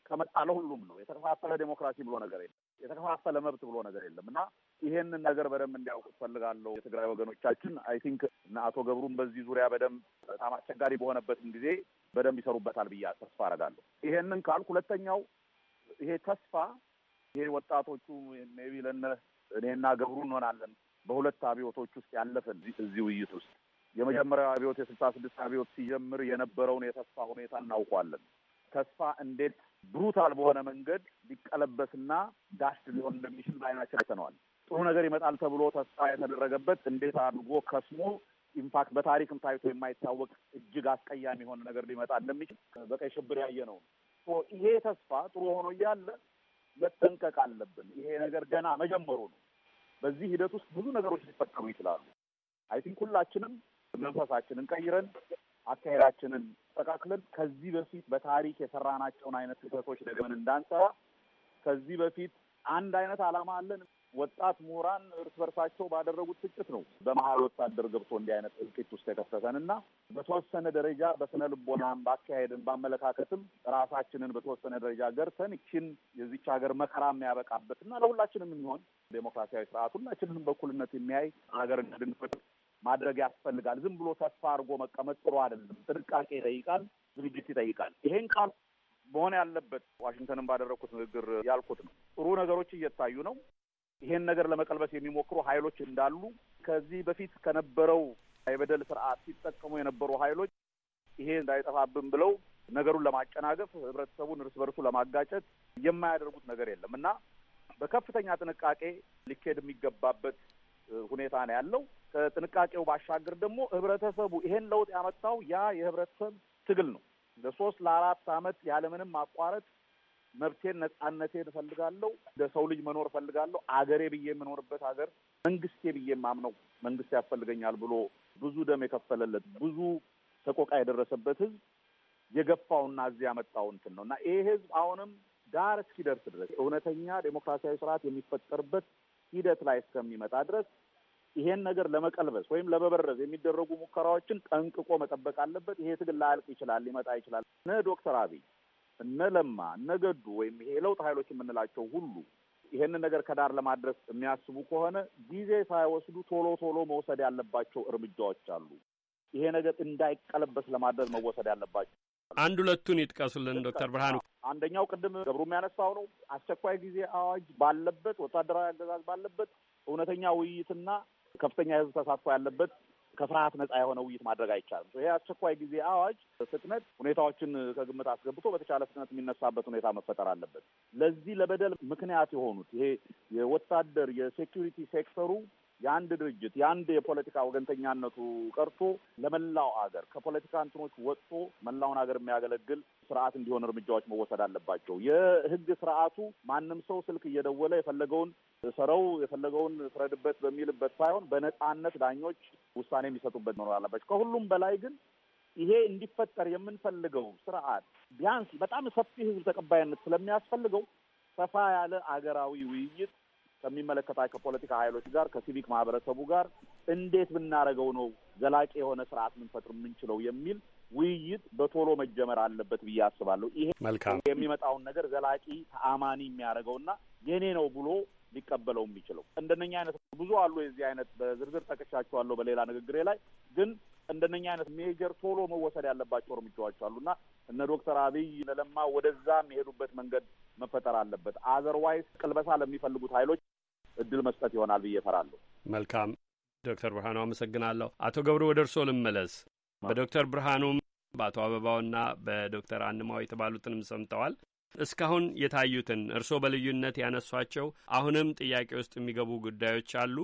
Speaker 9: ከመጣ ለሁሉም ነው። የተከፋፈለ ዴሞክራሲ ብሎ ነገር የለም። የተከፋፈለ መብት ብሎ ነገር የለም እና ይሄንን ነገር በደንብ እንዲያውቁ እፈልጋለሁ። የትግራይ ወገኖቻችን አይ ቲንክ እና አቶ ገብሩም በዚህ ዙሪያ በደንብ በጣም አስቸጋሪ በሆነበትም ጊዜ በደንብ ይሰሩበታል ብዬ ተስፋ አደርጋለሁ። ይሄንን ካል ሁለተኛው ይሄ ተስፋ ይሄ ወጣቶቹ ሜቢ ለነ እኔና ገብሩ እንሆናለን በሁለት አብዮቶች ውስጥ ያለፍን እዚህ ውይይት ውስጥ የመጀመሪያው አብዮት የስልሳ ስድስት አብዮት ሲጀምር የነበረውን የተስፋ ሁኔታ እናውቋለን። ተስፋ እንዴት ብሩታል በሆነ መንገድ ሊቀለበስና ዳሽድ ሊሆን እንደሚችል በአይናችን አይተነዋል። ጥሩ ነገር ይመጣል ተብሎ ተስፋ የተደረገበት እንዴት አድርጎ ከስሞ ኢንፋክት በታሪክም ታይቶ የማይታወቅ እጅግ አስቀያሚ የሆነ ነገር ሊመጣ እንደሚችል በቀይ ሽብር ያየ ነው። ይሄ ተስፋ ጥሩ ሆኖ እያለ መጠንቀቅ አለብን። ይሄ ነገር ገና መጀመሩ ነው። በዚህ ሂደት ውስጥ ብዙ ነገሮች ሊፈጠሩ ይችላሉ። አይ ቲንክ ሁላችንም መንፈሳችንን ቀይረን አካሄዳችንን ጠቃክለን ከዚህ በፊት በታሪክ የሰራናቸውን አይነት ስህተቶች ደግመን እንዳንሰራ ከዚህ በፊት አንድ አይነት ዓላማ አለን ወጣት ምሁራን እርስ በርሳቸው ባደረጉት ግጭት ነው በመሀል ወታደር ገብቶ እንዲህ አይነት እልቂት ውስጥ የከተተን እና በተወሰነ ደረጃ በስነ ልቦናም ባካሄድን ባመለካከትም ራሳችንን በተወሰነ ደረጃ ገርተን ይችን የዚች ሀገር መከራ የሚያበቃበት እና ለሁላችንም የሚሆን ዴሞክራሲያዊ ስርዓት ሁላችንንም በኩልነት የሚያይ ሀገር እንድንፈጥር ማድረግ ያስፈልጋል። ዝም ብሎ ተስፋ አድርጎ መቀመጥ ጥሩ አይደለም። ጥንቃቄ ይጠይቃል፣ ዝግጅት ይጠይቃል። ይሄን ቃል መሆን ያለበት ዋሽንግተንን ባደረግኩት ንግግር ያልኩት ነው። ጥሩ ነገሮች እየታዩ ነው። ይሄን ነገር ለመቀልበስ የሚሞክሩ ሀይሎች እንዳሉ ከዚህ በፊት ከነበረው የበደል ስርዓት ሲጠቀሙ የነበሩ ሀይሎች ይሄ እንዳይጠፋብን ብለው ነገሩን ለማጨናገፍ ህብረተሰቡን እርስ በርሱ ለማጋጨት የማያደርጉት ነገር የለም እና በከፍተኛ ጥንቃቄ ሊኬድ የሚገባበት ሁኔታ ነው ያለው። ከጥንቃቄው ባሻገር ደግሞ ህብረተሰቡ ይሄን ለውጥ ያመጣው ያ የህብረተሰብ ትግል ነው። ለሶስት ለአራት አመት ያለምንም ማቋረጥ መብቴን፣ ነጻነቴን እፈልጋለሁ። እንደ ሰው ልጅ መኖር እፈልጋለሁ። አገሬ ብዬ የምኖርበት ሀገር መንግስቴ ብዬ የማምነው መንግስት ያስፈልገኛል ብሎ ብዙ ደም የከፈለለት ብዙ ሰቆቃ የደረሰበት ህዝብ የገፋውና እዚህ ያመጣው እንትን ነው እና ይሄ ህዝብ አሁንም ዳር እስኪደርስ ድረስ እውነተኛ ዴሞክራሲያዊ ስርዓት የሚፈጠርበት ሂደት ላይ እስከሚመጣ ድረስ ይሄን ነገር ለመቀልበስ ወይም ለመበረዝ የሚደረጉ ሙከራዎችን ጠንቅቆ መጠበቅ አለበት። ይሄ ትግል ላያልቅ ይችላል፣ ሊመጣ ይችላል። እነ ዶክተር አብይ እነ ለማ እነ ገዱ ወይም ይሄ የለውጥ ኃይሎች የምንላቸው ሁሉ ይሄንን ነገር ከዳር ለማድረስ የሚያስቡ ከሆነ ጊዜ ሳይወስዱ ቶሎ ቶሎ መውሰድ ያለባቸው እርምጃዎች አሉ። ይሄ ነገር እንዳይቀለበስ ለማድረግ መወሰድ ያለባቸው
Speaker 8: አንድ ሁለቱን ይጥቀሱልን ዶክተር ብርሃኑ።
Speaker 9: አንደኛው ቅድም ገብሩ የሚያነሳው ነው። አስቸኳይ ጊዜ አዋጅ ባለበት፣ ወታደራዊ አገዛዝ ባለበት እውነተኛ ውይይትና ከፍተኛ የህዝብ ተሳትፎ ያለበት ከፍርሃት ነጻ የሆነ ውይይት ማድረግ አይቻልም። ይሄ አስቸኳይ ጊዜ አዋጅ ፍጥነት ሁኔታዎችን ከግምት አስገብቶ በተቻለ ፍጥነት የሚነሳበት ሁኔታ መፈጠር አለበት። ለዚህ ለበደል ምክንያት የሆኑት ይሄ የወታደር የሴኪሪቲ ሴክተሩ የአንድ ድርጅት የአንድ የፖለቲካ ወገንተኛነቱ ቀርቶ ለመላው አገር ከፖለቲካ እንትኖች ወጥቶ መላውን ሀገር የሚያገለግል ስርዓት እንዲሆን እርምጃዎች መወሰድ አለባቸው። የህግ ስርዓቱ ማንም ሰው ስልክ እየደወለ የፈለገውን ሰረው የፈለገውን ፍረድበት በሚልበት ሳይሆን በነጻነት ዳኞች ውሳኔ የሚሰጡበት መኖር አለባቸው። ከሁሉም በላይ ግን ይሄ እንዲፈጠር የምንፈልገው ስርዓት ቢያንስ በጣም ሰፊ ህዝብ ተቀባይነት ስለሚያስፈልገው ሰፋ ያለ አገራዊ ውይይት ከሚመለከታቸው ፖለቲካ ኃይሎች ጋር ከሲቪክ ማህበረሰቡ ጋር እንዴት ብናደርገው ነው ዘላቂ የሆነ ስርዓት ልንፈጥር የምንችለው የሚል ውይይት በቶሎ መጀመር አለበት ብዬ አስባለሁ። ይሄ መልካም የሚመጣውን ነገር ዘላቂ ተአማኒ የሚያደርገውና የኔ ነው ብሎ ሊቀበለው የሚችለው እንደነኛ አይነት ብዙ አሉ። የዚህ አይነት በዝርዝር ጠቅሻቸዋለሁ በሌላ ንግግሬ ላይ ግን እንደነኛ አይነት ሜጀር ቶሎ መወሰድ ያለባቸው እርምጃዎች አሉ እና እነ ዶክተር አብይ ለለማ ወደዛ የሚሄዱበት መንገድ መፈጠር አለበት። አዘርዋይስ ቅልበሳ ለሚፈልጉት ኃይሎች እድል መስጠት ይሆናል ብዬ እፈራለሁ።
Speaker 8: መልካም ዶክተር ብርሃኑ አመሰግናለሁ። አቶ ገብሩ ወደ እርስዎ ልመለስ። በዶክተር ብርሃኑም በአቶ አበባውና በዶክተር አንማው የተባሉትንም ሰምተዋል። እስካሁን የታዩትን እርስዎ በልዩነት ያነሷቸው አሁንም ጥያቄ ውስጥ የሚገቡ ጉዳዮች አሉ።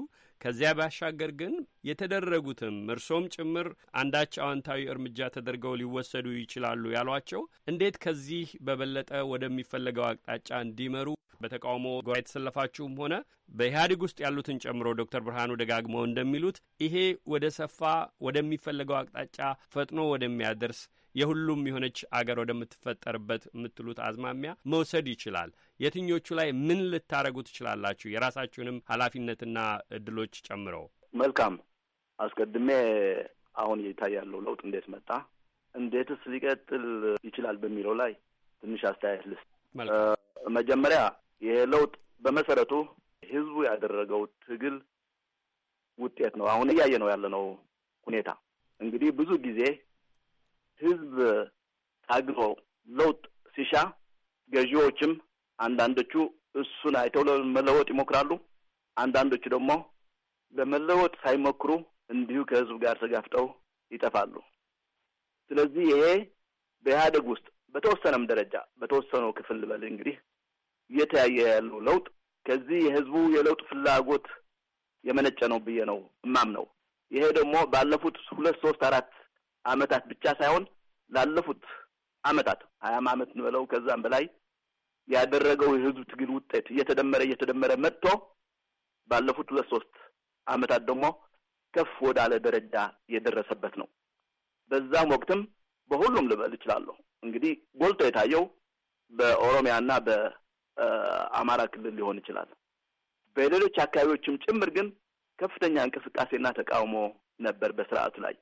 Speaker 8: ከዚያ ባሻገር ግን የተደረጉትም እርሶም ጭምር አንዳች አዎንታዊ እርምጃ ተደርገው ሊወሰዱ ይችላሉ ያሏቸው እንዴት ከዚህ በበለጠ ወደሚፈለገው አቅጣጫ እንዲመሩ በተቃውሞ ጎራ የተሰለፋችሁም ሆነ በኢህአዴግ ውስጥ ያሉትን ጨምሮ ዶክተር ብርሃኑ ደጋግመው እንደሚሉት ይሄ ወደ ሰፋ ወደሚፈለገው አቅጣጫ ፈጥኖ ወደሚያደርስ የሁሉም የሆነች አገር ወደምትፈጠርበት የምትሉት አዝማሚያ መውሰድ ይችላል። የትኞቹ ላይ ምን ልታደረጉ ትችላላችሁ? የራሳችሁንም ኃላፊነትና እድሎች ጨምረው።
Speaker 7: መልካም አስቀድሜ አሁን ይታያለው ለውጥ እንዴት መጣ፣ እንዴትስ ሊቀጥል ይችላል በሚለው ላይ ትንሽ አስተያየት ልስጥ። መጀመሪያ ይሄ ለውጥ በመሰረቱ ህዝቡ ያደረገው ትግል ውጤት ነው። አሁን እያየ ነው ያለነው ሁኔታ እንግዲህ ብዙ ጊዜ ህዝብ ታግሎ ለውጥ ሲሻ ገዢዎችም አንዳንዶቹ እሱን አይተው ለመለወጥ ይሞክራሉ። አንዳንዶቹ ደግሞ ለመለወጥ ሳይሞክሩ እንዲሁ ከህዝብ ጋር ተጋፍጠው ይጠፋሉ። ስለዚህ ይሄ በኢህአደግ ውስጥ በተወሰነም ደረጃ በተወሰነው ክፍል ልበል እንግዲህ እየተያየ ያለው ለውጥ ከዚህ የህዝቡ የለውጥ ፍላጎት የመነጨ ነው ብዬ ነው እማም ነው። ይሄ ደግሞ ባለፉት ሁለት ሶስት አራት አመታት ብቻ ሳይሆን ላለፉት አመታት ሀያም አመት እንበለው ከዛም በላይ ያደረገው የህዝብ ትግል ውጤት እየተደመረ እየተደመረ መጥቶ ባለፉት ሁለት ሶስት አመታት ደግሞ ከፍ ወዳለ ደረጃ የደረሰበት ነው። በዛም ወቅትም በሁሉም ልበል እችላለሁ እንግዲህ ጎልቶ የታየው በኦሮሚያና አማራ ክልል ሊሆን ይችላል። በሌሎች አካባቢዎችም ጭምር ግን ከፍተኛ እንቅስቃሴና ተቃውሞ ነበር በስርዓቱ ላይ።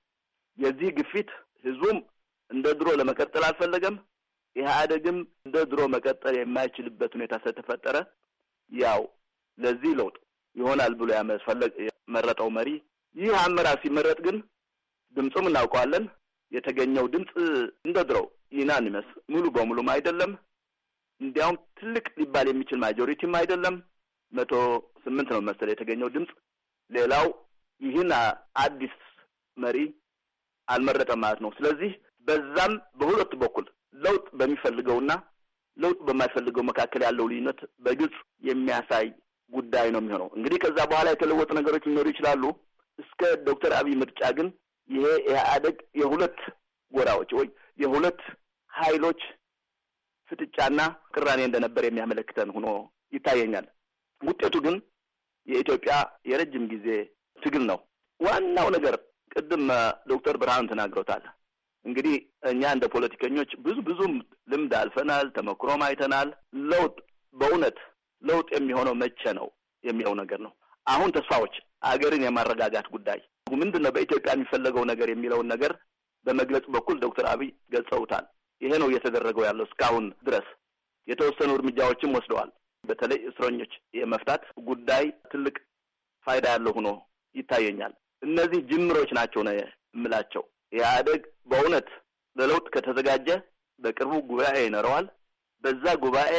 Speaker 7: የዚህ ግፊት ህዝቡም እንደ ድሮ ለመቀጠል አልፈለገም። ኢህአደግም እንደ ድሮ መቀጠል የማይችልበት ሁኔታ ስለተፈጠረ ያው ለዚህ ለውጥ ይሆናል ብሎ ያመፈለግ የመረጠው መሪ ይህ አመራር ሲመረጥ ግን ድምፁም እናውቀዋለን። የተገኘው ድምፅ እንደ ድሮው ይናንመስ ሙሉ በሙሉም አይደለም። እንዲያውም ትልቅ ሊባል የሚችል ማጆሪቲም አይደለም መቶ ስምንት ነው መሰለ የተገኘው ድምፅ። ሌላው ይህን አዲስ መሪ አልመረጠም ማለት ነው። ስለዚህ በዛም በሁለቱ በኩል ለውጥ በሚፈልገውና ለውጥ በማይፈልገው መካከል ያለው ልዩነት በግልጽ የሚያሳይ ጉዳይ ነው የሚሆነው። እንግዲህ ከዛ በኋላ የተለወጡ ነገሮች ሊኖሩ ይችላሉ። እስከ ዶክተር አብይ ምርጫ ግን ይሄ ኢህአዴግ የሁለት ጎራዎች ወይ የሁለት ኃይሎች ፍጥጫና ቅራኔ እንደነበር የሚያመለክተን ሆኖ ይታየኛል። ውጤቱ ግን የኢትዮጵያ የረጅም ጊዜ ትግል ነው። ዋናው ነገር ቅድም ዶክተር ብርሃን ተናግረውታል። እንግዲህ እኛ እንደ ፖለቲከኞች ብዙ ብዙም ልምድ አልፈናል፣ ተመክሮም አይተናል። ለውጥ በእውነት ለውጥ የሚሆነው መቼ ነው የሚለው ነገር ነው። አሁን ተስፋዎች አገርን የማረጋጋት ጉዳይ ምንድን ነው በኢትዮጵያ የሚፈለገው ነገር የሚለውን ነገር በመግለጽ በኩል ዶክተር አብይ ገልጸውታል። ይሄ ነው እየተደረገው ያለው እስካሁን ድረስ። የተወሰኑ እርምጃዎችም ወስደዋል። በተለይ እስረኞች የመፍታት ጉዳይ ትልቅ ፋይዳ ያለው ሆኖ ይታየኛል። እነዚህ ጅምሮች ናቸው ነው የምላቸው። ኢህአደግ በእውነት ለለውጥ ከተዘጋጀ በቅርቡ ጉባኤ ይኖረዋል። በዛ ጉባኤ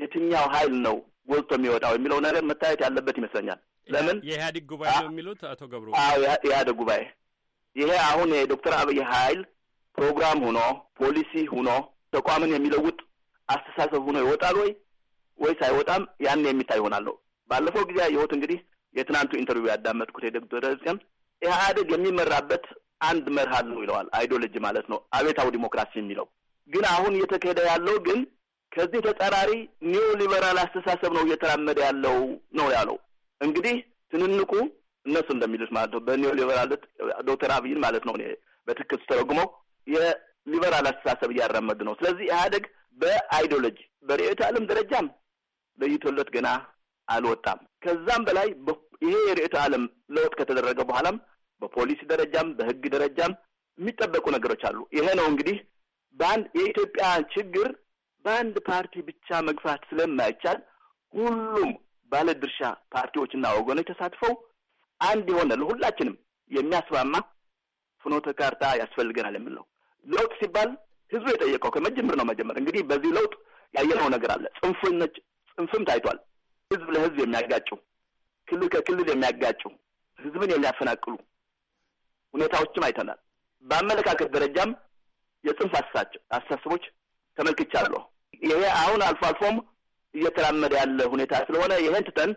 Speaker 7: የትኛው ኃይል ነው ጎልቶ የሚወጣው የሚለው ነገር መታየት ያለበት ይመስለኛል። ለምን
Speaker 8: የኢህአዴግ ጉባኤ ነው የሚሉት አቶ ገብሩ? አዎ የኢህአዴግ
Speaker 7: ጉባኤ። ይሄ አሁን የዶክተር አብይ ኃይል ፕሮግራም ሆኖ ፖሊሲ ሆኖ ተቋምን የሚለውጥ አስተሳሰብ ሆኖ ይወጣል ወይ ወይስ አይወጣም? ያን የሚታይ ይሆናለሁ። ባለፈው ጊዜ ያየሁት እንግዲህ የትናንቱ ኢንተርቪው ያዳመጥኩት የዶክተር ደብረጽዮን ኢህአዴግ የሚመራበት አንድ መርህ አለው ይለዋል። አይዲዮሎጂ ማለት ነው አቤታዊ ዲሞክራሲ የሚለው ግን አሁን እየተካሄደ ያለው ግን ከዚህ ተጻራሪ ኒዮ ሊበራል አስተሳሰብ ነው እየተራመደ ያለው ነው ያለው። እንግዲህ ትንንቁ እነሱ እንደሚሉት ማለት ነው በኒዮ ሊበራል ዶክተር አብይን ማለት ነው እኔ በትክክል ስተረጉመው የሊበራል አስተሳሰብ እያራመድ ነው። ስለዚህ ኢህአደግ በአይዲዮሎጂ በርዕዮተ ዓለም ደረጃም ለይቶለት ገና አልወጣም። ከዛም በላይ ይሄ የርዕዮተ ዓለም ለውጥ ከተደረገ በኋላም በፖሊሲ ደረጃም በህግ ደረጃም የሚጠበቁ ነገሮች አሉ። ይሄ ነው እንግዲህ በአንድ የኢትዮጵያ ችግር በአንድ ፓርቲ ብቻ መግፋት ስለማይቻል ሁሉም ባለድርሻ ፓርቲዎችና ወገኖች ተሳትፈው አንድ የሆነ ለሁላችንም የሚያስማማ ፍኖተ ካርታ ያስፈልገናል የምለው ለውጥ ሲባል ህዝቡ የጠየቀው ከመጀመር ነው። መጀመር እንግዲህ በዚህ ለውጥ ያየነው ነገር አለ። ጽንፍነች ጽንፍም ታይቷል። ህዝብ ለህዝብ የሚያጋጩ ክልል ከክልል የሚያጋጩ ህዝብን የሚያፈናቅሉ ሁኔታዎችም አይተናል። በአመለካከት ደረጃም የጽንፍ አስተሳሰቦች ተመልክቻለሁ። ይሄ አሁን አልፎ አልፎም እየተራመደ ያለ ሁኔታ ስለሆነ ይሄን ትተን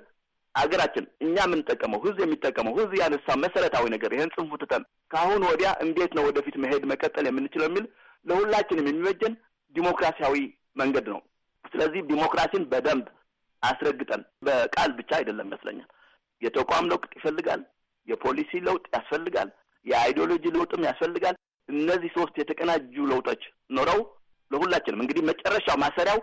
Speaker 7: አገራችን እኛ የምንጠቀመው ህዝብ የሚጠቀመው ህዝብ ያነሳ መሰረታዊ ነገር ይህን ጽንፉ ትተን ከአሁን ወዲያ እንዴት ነው ወደፊት መሄድ መቀጠል የምንችለው የሚል ለሁላችንም የሚበጀን ዲሞክራሲያዊ መንገድ ነው። ስለዚህ ዲሞክራሲን በደንብ አስረግጠን በቃል ብቻ አይደለም ይመስለኛል። የተቋም ለውጥ ይፈልጋል፣ የፖሊሲ ለውጥ ያስፈልጋል፣ የአይዲዮሎጂ ለውጥም ያስፈልጋል። እነዚህ ሶስት የተቀናጁ ለውጦች ኖረው ለሁላችንም እንግዲህ መጨረሻው ማሰሪያው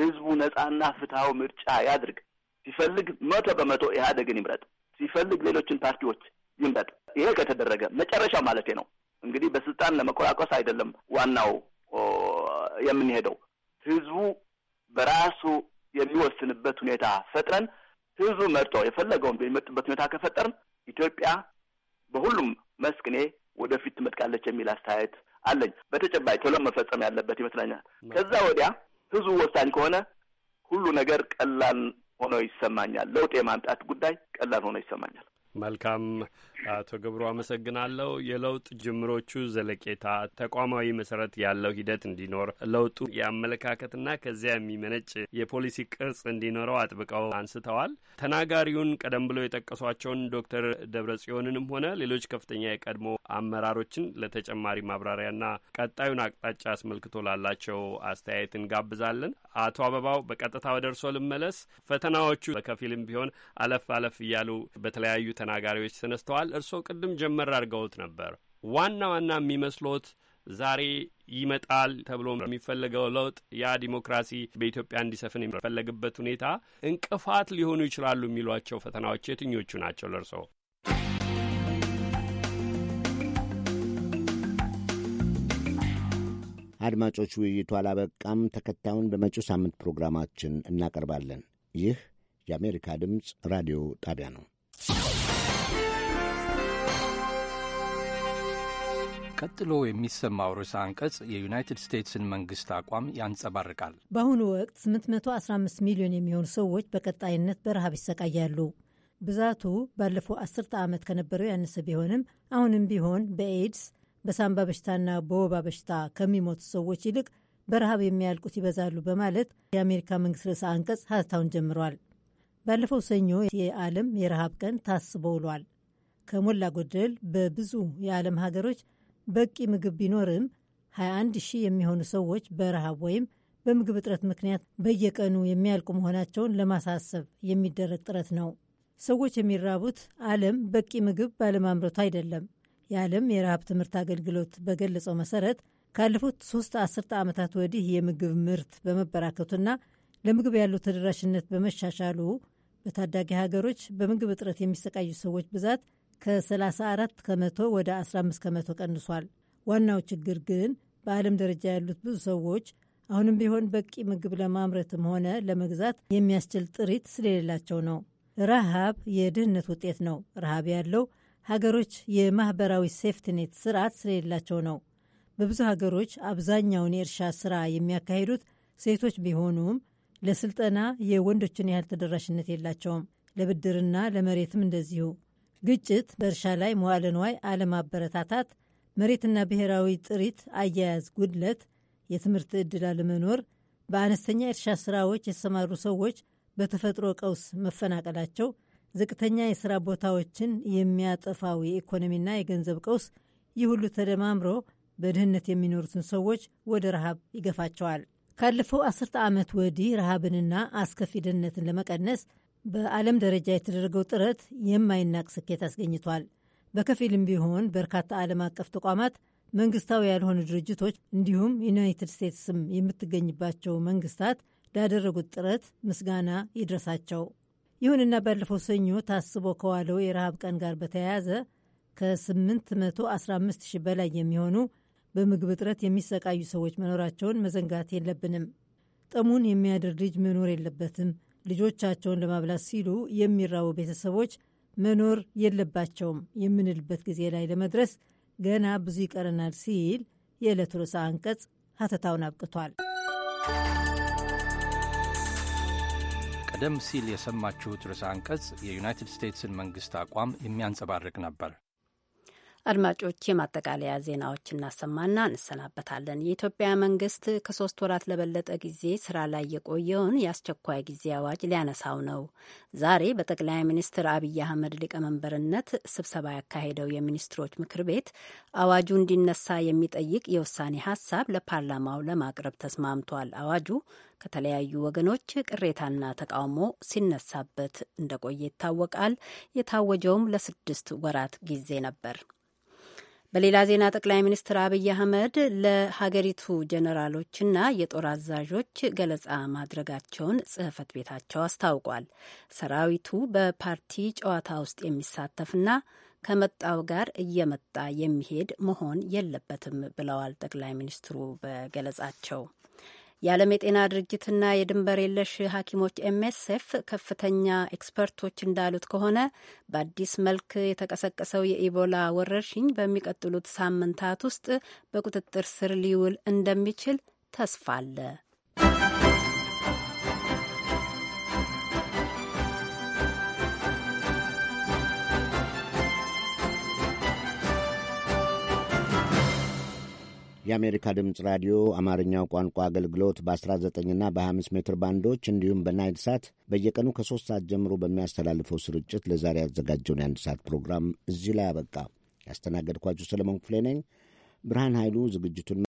Speaker 7: ህዝቡ ነጻና ፍትሐዊ ምርጫ ያድርግ። ሲፈልግ መቶ በመቶ ኢህአዴግን ይምረጥ፣ ሲፈልግ ሌሎችን ፓርቲዎች ይምረጥ። ይሄ ከተደረገ መጨረሻ ማለቴ ነው እንግዲህ በስልጣን ለመቆራቆስ አይደለም ዋናው የምንሄደው ህዝቡ በራሱ የሚወስንበት ሁኔታ ፈጥረን ህዝቡ መርጦ የፈለገውን የሚመጥበት ሁኔታ ከፈጠርን ኢትዮጵያ በሁሉም መስክ እኔ ወደፊት ትመጥቃለች የሚል አስተያየት አለኝ። በተጨባጭ ቶሎ መፈጸም ያለበት ይመስለኛል። ከዛ ወዲያ ህዝቡ ወሳኝ ከሆነ ሁሉ ነገር ቀላል ሆኖ ይሰማኛል። ለውጥ የማምጣት ጉዳይ ቀላል ሆኖ ይሰማኛል።
Speaker 8: መልካም አቶ ገብሩ አመሰግናለሁ። የለውጥ ጅምሮቹ ዘለቄታ ተቋማዊ መሰረት ያለው ሂደት እንዲኖር ለውጡ የአመለካከትና ከዚያ የሚመነጭ የፖሊሲ ቅርጽ እንዲኖረው አጥብቀው አንስተዋል። ተናጋሪውን ቀደም ብሎ የጠቀሷቸውን ዶክተር ደብረ ጽዮንንም ሆነ ሌሎች ከፍተኛ የቀድሞ አመራሮችን ለተጨማሪ ማብራሪያና ቀጣዩን አቅጣጫ አስመልክቶ ላላቸው አስተያየት እንጋብዛለን። አቶ አበባው በቀጥታ ወደ እርሶ ልመለስ። ፈተናዎቹ በከፊልም ቢሆን አለፍ አለፍ እያሉ በተለያዩ ተናጋሪዎች ተነስተዋል። እርስዎ ቅድም ጀመር አድርገውት ነበር። ዋና ዋና የሚመስሎት ዛሬ ይመጣል ተብሎ የሚፈለገው ለውጥ ያ ዲሞክራሲ በኢትዮጵያ እንዲሰፍን የሚፈለግበት ሁኔታ እንቅፋት ሊሆኑ ይችላሉ የሚሏቸው ፈተናዎች የትኞቹ ናቸው ለእርስዎ?
Speaker 1: አድማጮች፣ ውይይቱ አላበቃም። ተከታዩን በመጪው ሳምንት ፕሮግራማችን እናቀርባለን። ይህ የአሜሪካ ድምፅ ራዲዮ ጣቢያ ነው።
Speaker 2: ቀጥሎ የሚሰማው ርዕሰ አንቀጽ የዩናይትድ ስቴትስን መንግስት አቋም ያንጸባርቃል።
Speaker 10: በአሁኑ ወቅት 815 ሚሊዮን የሚሆኑ ሰዎች በቀጣይነት በረሃብ ይሰቃያሉ። ብዛቱ ባለፈው አስርተ ዓመት ከነበረው ያነሰ ቢሆንም አሁንም ቢሆን በኤድስ በሳምባ በሽታና በወባ በሽታ ከሚሞቱ ሰዎች ይልቅ በረሃብ የሚያልቁት ይበዛሉ በማለት የአሜሪካ መንግስት ርዕሰ አንቀጽ ሀተታውን ጀምሯል። ባለፈው ሰኞ የዓለም የረሃብ ቀን ታስቦ ውሏል። ከሞላ ጎደል በብዙ የዓለም ሀገሮች በቂ ምግብ ቢኖርም 21 ሺህ የሚሆኑ ሰዎች በረሃብ ወይም በምግብ እጥረት ምክንያት በየቀኑ የሚያልቁ መሆናቸውን ለማሳሰብ የሚደረግ ጥረት ነው። ሰዎች የሚራቡት ዓለም በቂ ምግብ ባለማምረቱ አይደለም። የዓለም የረሃብ ትምህርት አገልግሎት በገለጸው መሰረት ካለፉት ሶስት አስርተ ዓመታት ወዲህ የምግብ ምርት በመበራከቱና ለምግብ ያለው ተደራሽነት በመሻሻሉ በታዳጊ ሀገሮች በምግብ እጥረት የሚሰቃዩ ሰዎች ብዛት ከ34 ከመቶ ወደ 15 ከመቶ ቀንሷል። ዋናው ችግር ግን በዓለም ደረጃ ያሉት ብዙ ሰዎች አሁንም ቢሆን በቂ ምግብ ለማምረትም ሆነ ለመግዛት የሚያስችል ጥሪት ስለሌላቸው ነው። ረሃብ የድህነት ውጤት ነው። ረሃብ ያለው ሀገሮች የማህበራዊ ሴፍትኔት ስርዓት ስለሌላቸው ነው። በብዙ ሀገሮች አብዛኛውን የእርሻ ስራ የሚያካሂዱት ሴቶች ቢሆኑም ለስልጠና የወንዶችን ያህል ተደራሽነት የላቸውም። ለብድርና ለመሬትም እንደዚሁ ግጭት፣ በእርሻ ላይ መዋለ ንዋይ አለማበረታታት፣ መሬትና ብሔራዊ ጥሪት አያያዝ ጉድለት፣ የትምህርት ዕድል አለመኖር፣ በአነስተኛ የእርሻ ስራዎች የተሰማሩ ሰዎች በተፈጥሮ ቀውስ መፈናቀላቸው፣ ዝቅተኛ የሥራ ቦታዎችን የሚያጠፋው የኢኮኖሚና የገንዘብ ቀውስ፣ ይህ ሁሉ ተደማምሮ በድህነት የሚኖሩትን ሰዎች ወደ ረሃብ ይገፋቸዋል። ካለፈው አስርተ ዓመት ወዲህ ረሃብንና አስከፊ ድህነትን ለመቀነስ በዓለም ደረጃ የተደረገው ጥረት የማይናቅ ስኬት አስገኝቷል። በከፊልም ቢሆን በርካታ ዓለም አቀፍ ተቋማት፣ መንግስታዊ ያልሆኑ ድርጅቶች እንዲሁም ዩናይትድ ስቴትስም የምትገኝባቸው መንግስታት ላደረጉት ጥረት ምስጋና ይድረሳቸው። ይሁንና ባለፈው ሰኞ ታስቦ ከዋለው የረሃብ ቀን ጋር በተያያዘ ከ815 ሺህ በላይ የሚሆኑ በምግብ እጥረት የሚሰቃዩ ሰዎች መኖራቸውን መዘንጋት የለብንም። ጠሙን የሚያድር ልጅ መኖር የለበትም ልጆቻቸውን ለማብላት ሲሉ የሚራቡ ቤተሰቦች መኖር የለባቸውም የምንልበት ጊዜ ላይ ለመድረስ ገና ብዙ ይቀረናል ሲል የዕለቱ ርዕሰ አንቀጽ ሀተታውን አብቅቷል።
Speaker 2: ቀደም ሲል የሰማችሁት ርዕሰ አንቀጽ የዩናይትድ ስቴትስን መንግሥት አቋም የሚያንጸባርቅ ነበር።
Speaker 10: አድማጮች
Speaker 4: የማጠቃለያ ዜናዎች እናሰማና እንሰናበታለን። የኢትዮጵያ መንግስት ከሶስት ወራት ለበለጠ ጊዜ ስራ ላይ የቆየውን የአስቸኳይ ጊዜ አዋጅ ሊያነሳው ነው። ዛሬ በጠቅላይ ሚኒስትር አብይ አህመድ ሊቀመንበርነት ስብሰባ ያካሄደው የሚኒስትሮች ምክር ቤት አዋጁ እንዲነሳ የሚጠይቅ የውሳኔ ሀሳብ ለፓርላማው ለማቅረብ ተስማምቷል። አዋጁ ከተለያዩ ወገኖች ቅሬታና ተቃውሞ ሲነሳበት እንደቆየ ይታወቃል። የታወጀውም ለስድስት ወራት ጊዜ ነበር። በሌላ ዜና ጠቅላይ ሚኒስትር አብይ አህመድ ለሀገሪቱ ጀኔራሎችና የጦር አዛዦች ገለጻ ማድረጋቸውን ጽህፈት ቤታቸው አስታውቋል። ሰራዊቱ በፓርቲ ጨዋታ ውስጥ የሚሳተፍና ከመጣው ጋር እየመጣ የሚሄድ መሆን የለበትም ብለዋል ጠቅላይ ሚኒስትሩ በገለጻቸው። የዓለም የጤና ድርጅትና የድንበር የለሽ ሐኪሞች ኤምኤስኤፍ ከፍተኛ ኤክስፐርቶች እንዳሉት ከሆነ በአዲስ መልክ የተቀሰቀሰው የኢቦላ ወረርሽኝ በሚቀጥሉት ሳምንታት ውስጥ በቁጥጥር ስር ሊውል እንደሚችል ተስፋ አለ።
Speaker 1: የአሜሪካ ድምፅ ራዲዮ አማርኛው ቋንቋ አገልግሎት በ19ና በ5 ሜትር ባንዶች እንዲሁም በናይል ሳት በየቀኑ ከሶስት ሰዓት ጀምሮ በሚያስተላልፈው ስርጭት ለዛሬ ያዘጋጀውን የአንድ ሰዓት ፕሮግራም እዚህ ላይ አበቃ። ያስተናገድኳችሁ ሰለሞን ክፍሌ ነኝ። ብርሃን ኃይሉ ዝግጅቱን